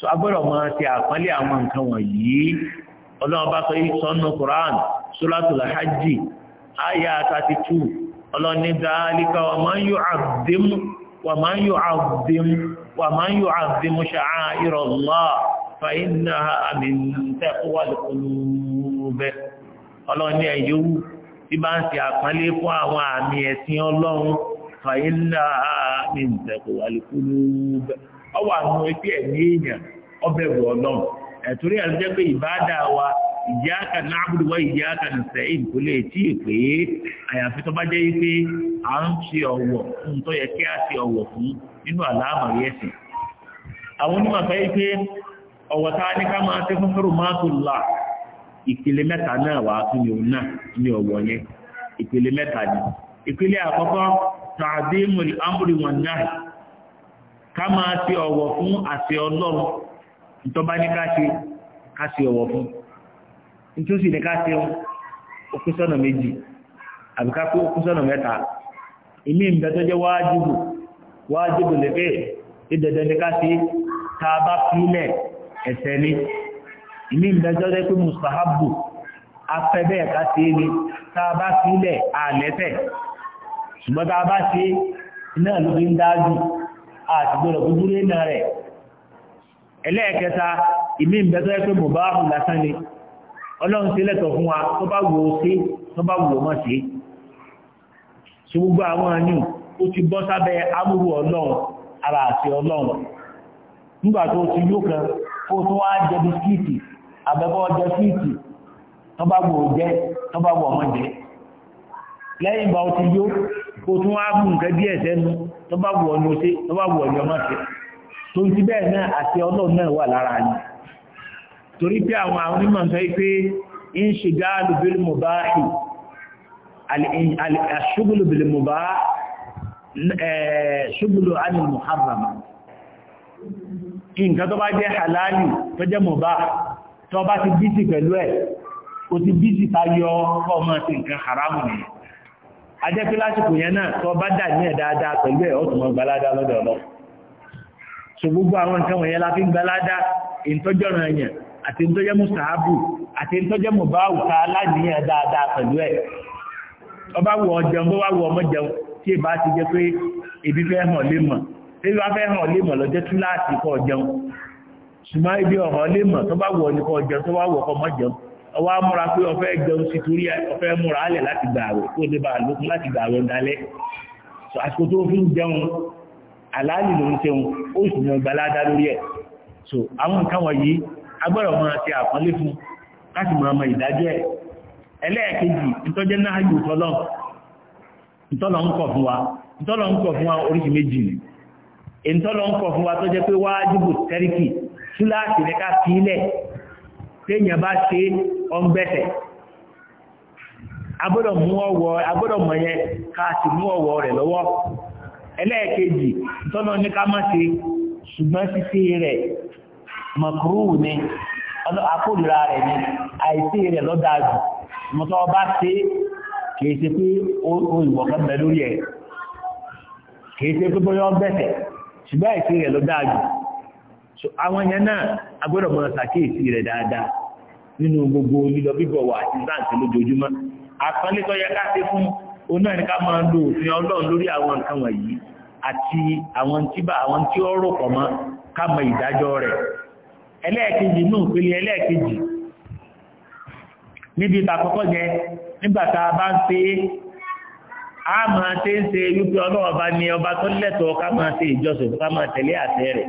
so agbọ́dọ̀ máa ṣe àpọ́nlé àwọn nǹkan wọ̀nyí ọlọ́run bá sọ sọ́nù Quran suratul hajj aya thirty two ọlọ́run ní dáálíkà wa man yu'azzim wa man yu'azzim wa man yu'azzim sha'a'irallah fa innaha min taqwal qulub ọlọ́run ní ẹ̀yọ́ wù tí bá ń ṣe àpọ́nlé fún àwọn àmì ẹ̀sìn ọlọ́run fa innaha min taqwal ọwà nù ẹgbẹ́ ẹ̀mí èèyàn ọbẹ̀ bù ọlọ́run ẹ̀túrí pé wa iyyaka na'budu wa iyyaka nasta'in kò lè tí ì pé àyàfi tó bá jẹ́ pé à ń ṣe ọ̀wọ̀ fún tó yẹ kí a ṣe ọ̀wọ̀ fún nínú ẹ̀sìn àwọn onímọ̀ sọ pé ọ̀wọ̀ tá a ní ká máa ṣe fún si ìpele mẹ́ta náà wà tún ní òun náà ní ọ̀wọ̀ yẹn ìpele mẹ́ta ni ìpele àkọ́kọ́ ká máa ti ọ̀wọ̀ fún àṣẹ ọlọ́run ìtọ́ba ní ká ṣe ọ̀wọ̀ fún nítòsí ní ká ṣe méjì àbí ká pé mẹ́ta ìmí ìbẹ́ jẹ́ wájibù wájibù lẹ́fẹ́ ìdẹ̀dẹ̀ ní ká ṣe tá a bá ìmí ìbẹ́ jẹ́ pé àti gbọ́dọ̀ gbogbo ẹ̀nà rẹ̀ ẹlẹ́ẹ̀kẹta ìmí ìbẹ́tọ́ ẹ̀fẹ́ mọ̀báàbù lásán ni ọlọ́run sí lẹ́tọ̀ fún wa tó bá wò ó sí tó bá wò ó mọ̀ sí ṣe gbogbo àwọn àníw ó ti bọ́ sábẹ́ amúrú ọlọ́run ara àti ọlọ́run nígbà tó ti yó kan kó tó wá jẹ bisikíìtì abẹ́bọ́ jẹ fíìtì tó bá wò ó jẹ tó bá wò ọmọ jẹ lẹ́yìn ìgbà ó ti yó kó tún wá mú nǹkan díẹ̀ sẹ́nu tó bá wù ọ́ ní oṣé tó bá wù ọ́ ní ọmọ ṣe tó ti bẹ́ẹ̀ náà àti ọlọ́run náà wà lára ni torí pé àwọn onímọ̀ ń sọ pé ń ṣe gáàlù bil mubahi àṣùgbùlù bil mubah ṣùgbùlù anil muharram nǹkan tó bá jẹ́ halali tó jẹ́ mubah tó bá ti bísì pẹ̀lú ẹ̀ ó ti bísì tayọ fọ́ọ̀mọ́ sí nǹkan haramu nìyẹn ajẹ́pẹ́ lásìkò yẹn náà tó bá dà ní ẹ̀ dáadáa pẹ̀lú ẹ̀ ọ̀tún mọ́ gbalada lọ́dọ̀ lọ so gbogbo àwọn nǹkan wọ̀nyẹn la fi ń gbalada ìtọ́jọ́ràn ẹ̀yàn àti ìtọ́jẹ́ mùsàábù àti ìtọ́jẹ́ mùbáwù ká láníyàn dáadáa pẹ̀lú ẹ̀ ọba wù ọ jẹun bó wá wù ọmọ jẹun tí ìbá ti jẹ pé ebi fẹ́ hàn lé mọ̀ tí ìbá fẹ́ hàn lé mọ̀ lọ́jọ́ túláàsì kọ́ jẹun ṣùgbọ́n ibi ọ̀hàn lé mọ̀ tó bá wù ọ ní kọ́ ọwọ́ amúra pé ọ̀fẹ́ jẹun sí torí ọ̀fẹ́ múra alẹ̀ láti gbààwẹ̀ kó lè bá lókun láti gbààwẹ̀ dalẹ̀ àsìkò tó fi ń jẹun àlàálì ló ń jẹun ó sì mọ gbalada lórí ẹ̀ so àwọn nǹkan wọ̀nyí agbọ́dọ̀ máa ti àpọ́nlé fún láti mọ ọmọ ìdájọ́ ẹ̀ ẹlẹ́ẹ̀kejì ìtọ́jẹ́ náà yóò tọ́lọ́ ìtọ́lọ́ ń kọ̀ fún wa ìtọ́lọ́ ń kọ̀ fún wa oríṣi méjì ni téèyàn bá ṣe ọ̀ngbẹ̀tẹ̀ agbọ́dọ̀ mú ọwọ́ agbọ́dọ̀ mọ̀ yẹn ká mú ọwọ́ rẹ̀ lọ́wọ́ ẹlẹ́ẹ̀kejì tọ́nà ní ká má ṣe ṣùgbọ́n ṣíṣe rẹ̀ mọ̀kúrú ni akórìíra rẹ̀ ni àìsí rẹ̀ lọ́dáàjù mọ́tọ́ ọba ṣe kìí ṣe pé ó lórí ẹ̀ kìí ṣe pé bóyá ọgbẹ̀tẹ̀ so àwọn yẹn náà agbọ́dọ̀ mọ ṣàkíyèsí rẹ̀ dáadáa nínú gbogbo lílọ bíbọ̀ wà àti báǹkì lójoojúmọ́ àpọ́nlẹ́tọ́ yẹ ká ṣe fún òun náà ní ká máa lo òfin ọlọ́run lórí àwọn nǹkan wọ̀nyí àti àwọn tí bá àwọn tí ó rò pọ̀ mọ́ ká mọ ìdájọ́ rẹ̀ ẹlẹ́ẹ̀kejì ní òpele ẹlẹ́ẹ̀kejì níbi ìtàkọ́kọ́ jẹ nígbàtà bá ń ṣe a máa ṣe ń ṣe wípé ọlọ́run bá ní ọba tó lẹ́tọ̀ọ́ ká máa ṣe ìjọsìn ká máa tẹ̀lé àtẹ rẹ̀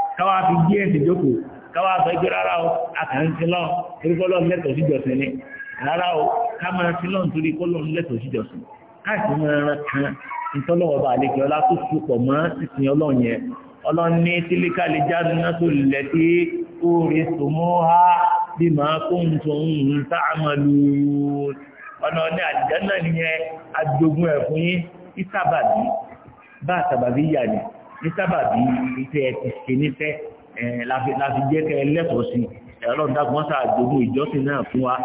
káwá fi gbé ẹ̀sìn jókòó káwá sọ pé rárá o àkàǹtì lọ torí kọ́ lọ́n lẹ́tọ̀ọ́ sí jọ̀sìn ni rárá o ká máa ti lọ́n torí kọ́ lọ́n lẹ́tọ̀ọ́ sí jọ̀sìn káàkiri máa ran kan ìtọ́lọ́wọ́ bá àlejò ọlá tó fi pọ̀ mọ́ sísìn ọlọ́run yẹn ta àmàlù ọ̀nà ní àdìjá náà nìyẹn adógún ẹ̀ fún yín ìsàbàbí bá àsàbàbí yà ni ní sábàbí iṣẹ́ ẹ ti ṣe nífẹ̀ láti jẹ́ kẹ́ lẹ́tọ̀ọ́ sí ọlọ́run dákun sáà jogún ìjọsìn náà fún wa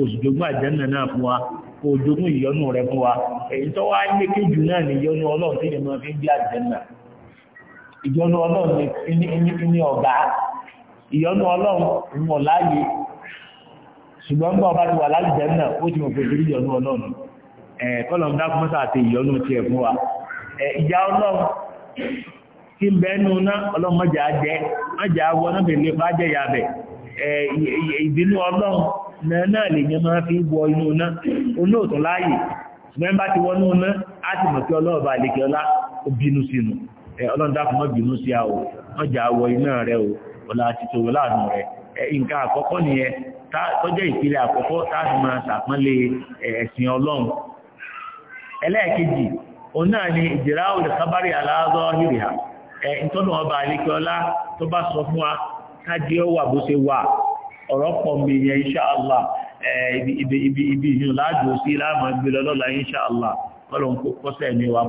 oṣù jogún àjẹ́nà náà fún wa kò jogún ìyọnu rẹ̀ fún wa èyí tó wá lékè jù náà ní ìyọnu ọlọ́run tí ìyọnu fi ń bí àjẹ́nà ìyọnu ọlọ́run ní ọ̀gá ìyọnu ọlọ́run ń wọ̀ láàyè ṣùgbọ́n bá ọba ti wà lálùjẹ́nà ó ti mọ̀ pé orí ìyọnu ọlọ́run kọ́lọ̀ ń dákun sáà ti ìyọnu tiẹ̀ fún wa ìyá ọlọ́run tí bẹ́ẹ̀nu náà ọlọ́mọjà jẹ́ mọ́jà wọ́n náà bèèrè bá jẹ́ yàbẹ̀ ìbínú ọlọ́run náà lè yẹn máa fi wọ inú náà olóòtún láàyè mẹ́mbà ti wọ́n inú á mọ̀ kí ọlọ́run bá lè kí ọlá bínú ọlọ́run bínú sí wọ iná rẹ o ti tó láàánú rẹ nǹkan àkọ́kọ́ nìyẹn àkọ́kọ́ ẹ̀ ntọ́nà ọba àlekè ọlá tó bá sọ fún wa kájé ó wà bó ṣe wà ọ̀rọ̀ pọ̀ mi yẹn insha Allah ibi ibi ìyún láàdùn sí láàmà gbé lọ lọ́la insha kọ́sẹ̀ ní wa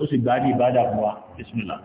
ó sì gbá ní ìbádà fún wa bismillah.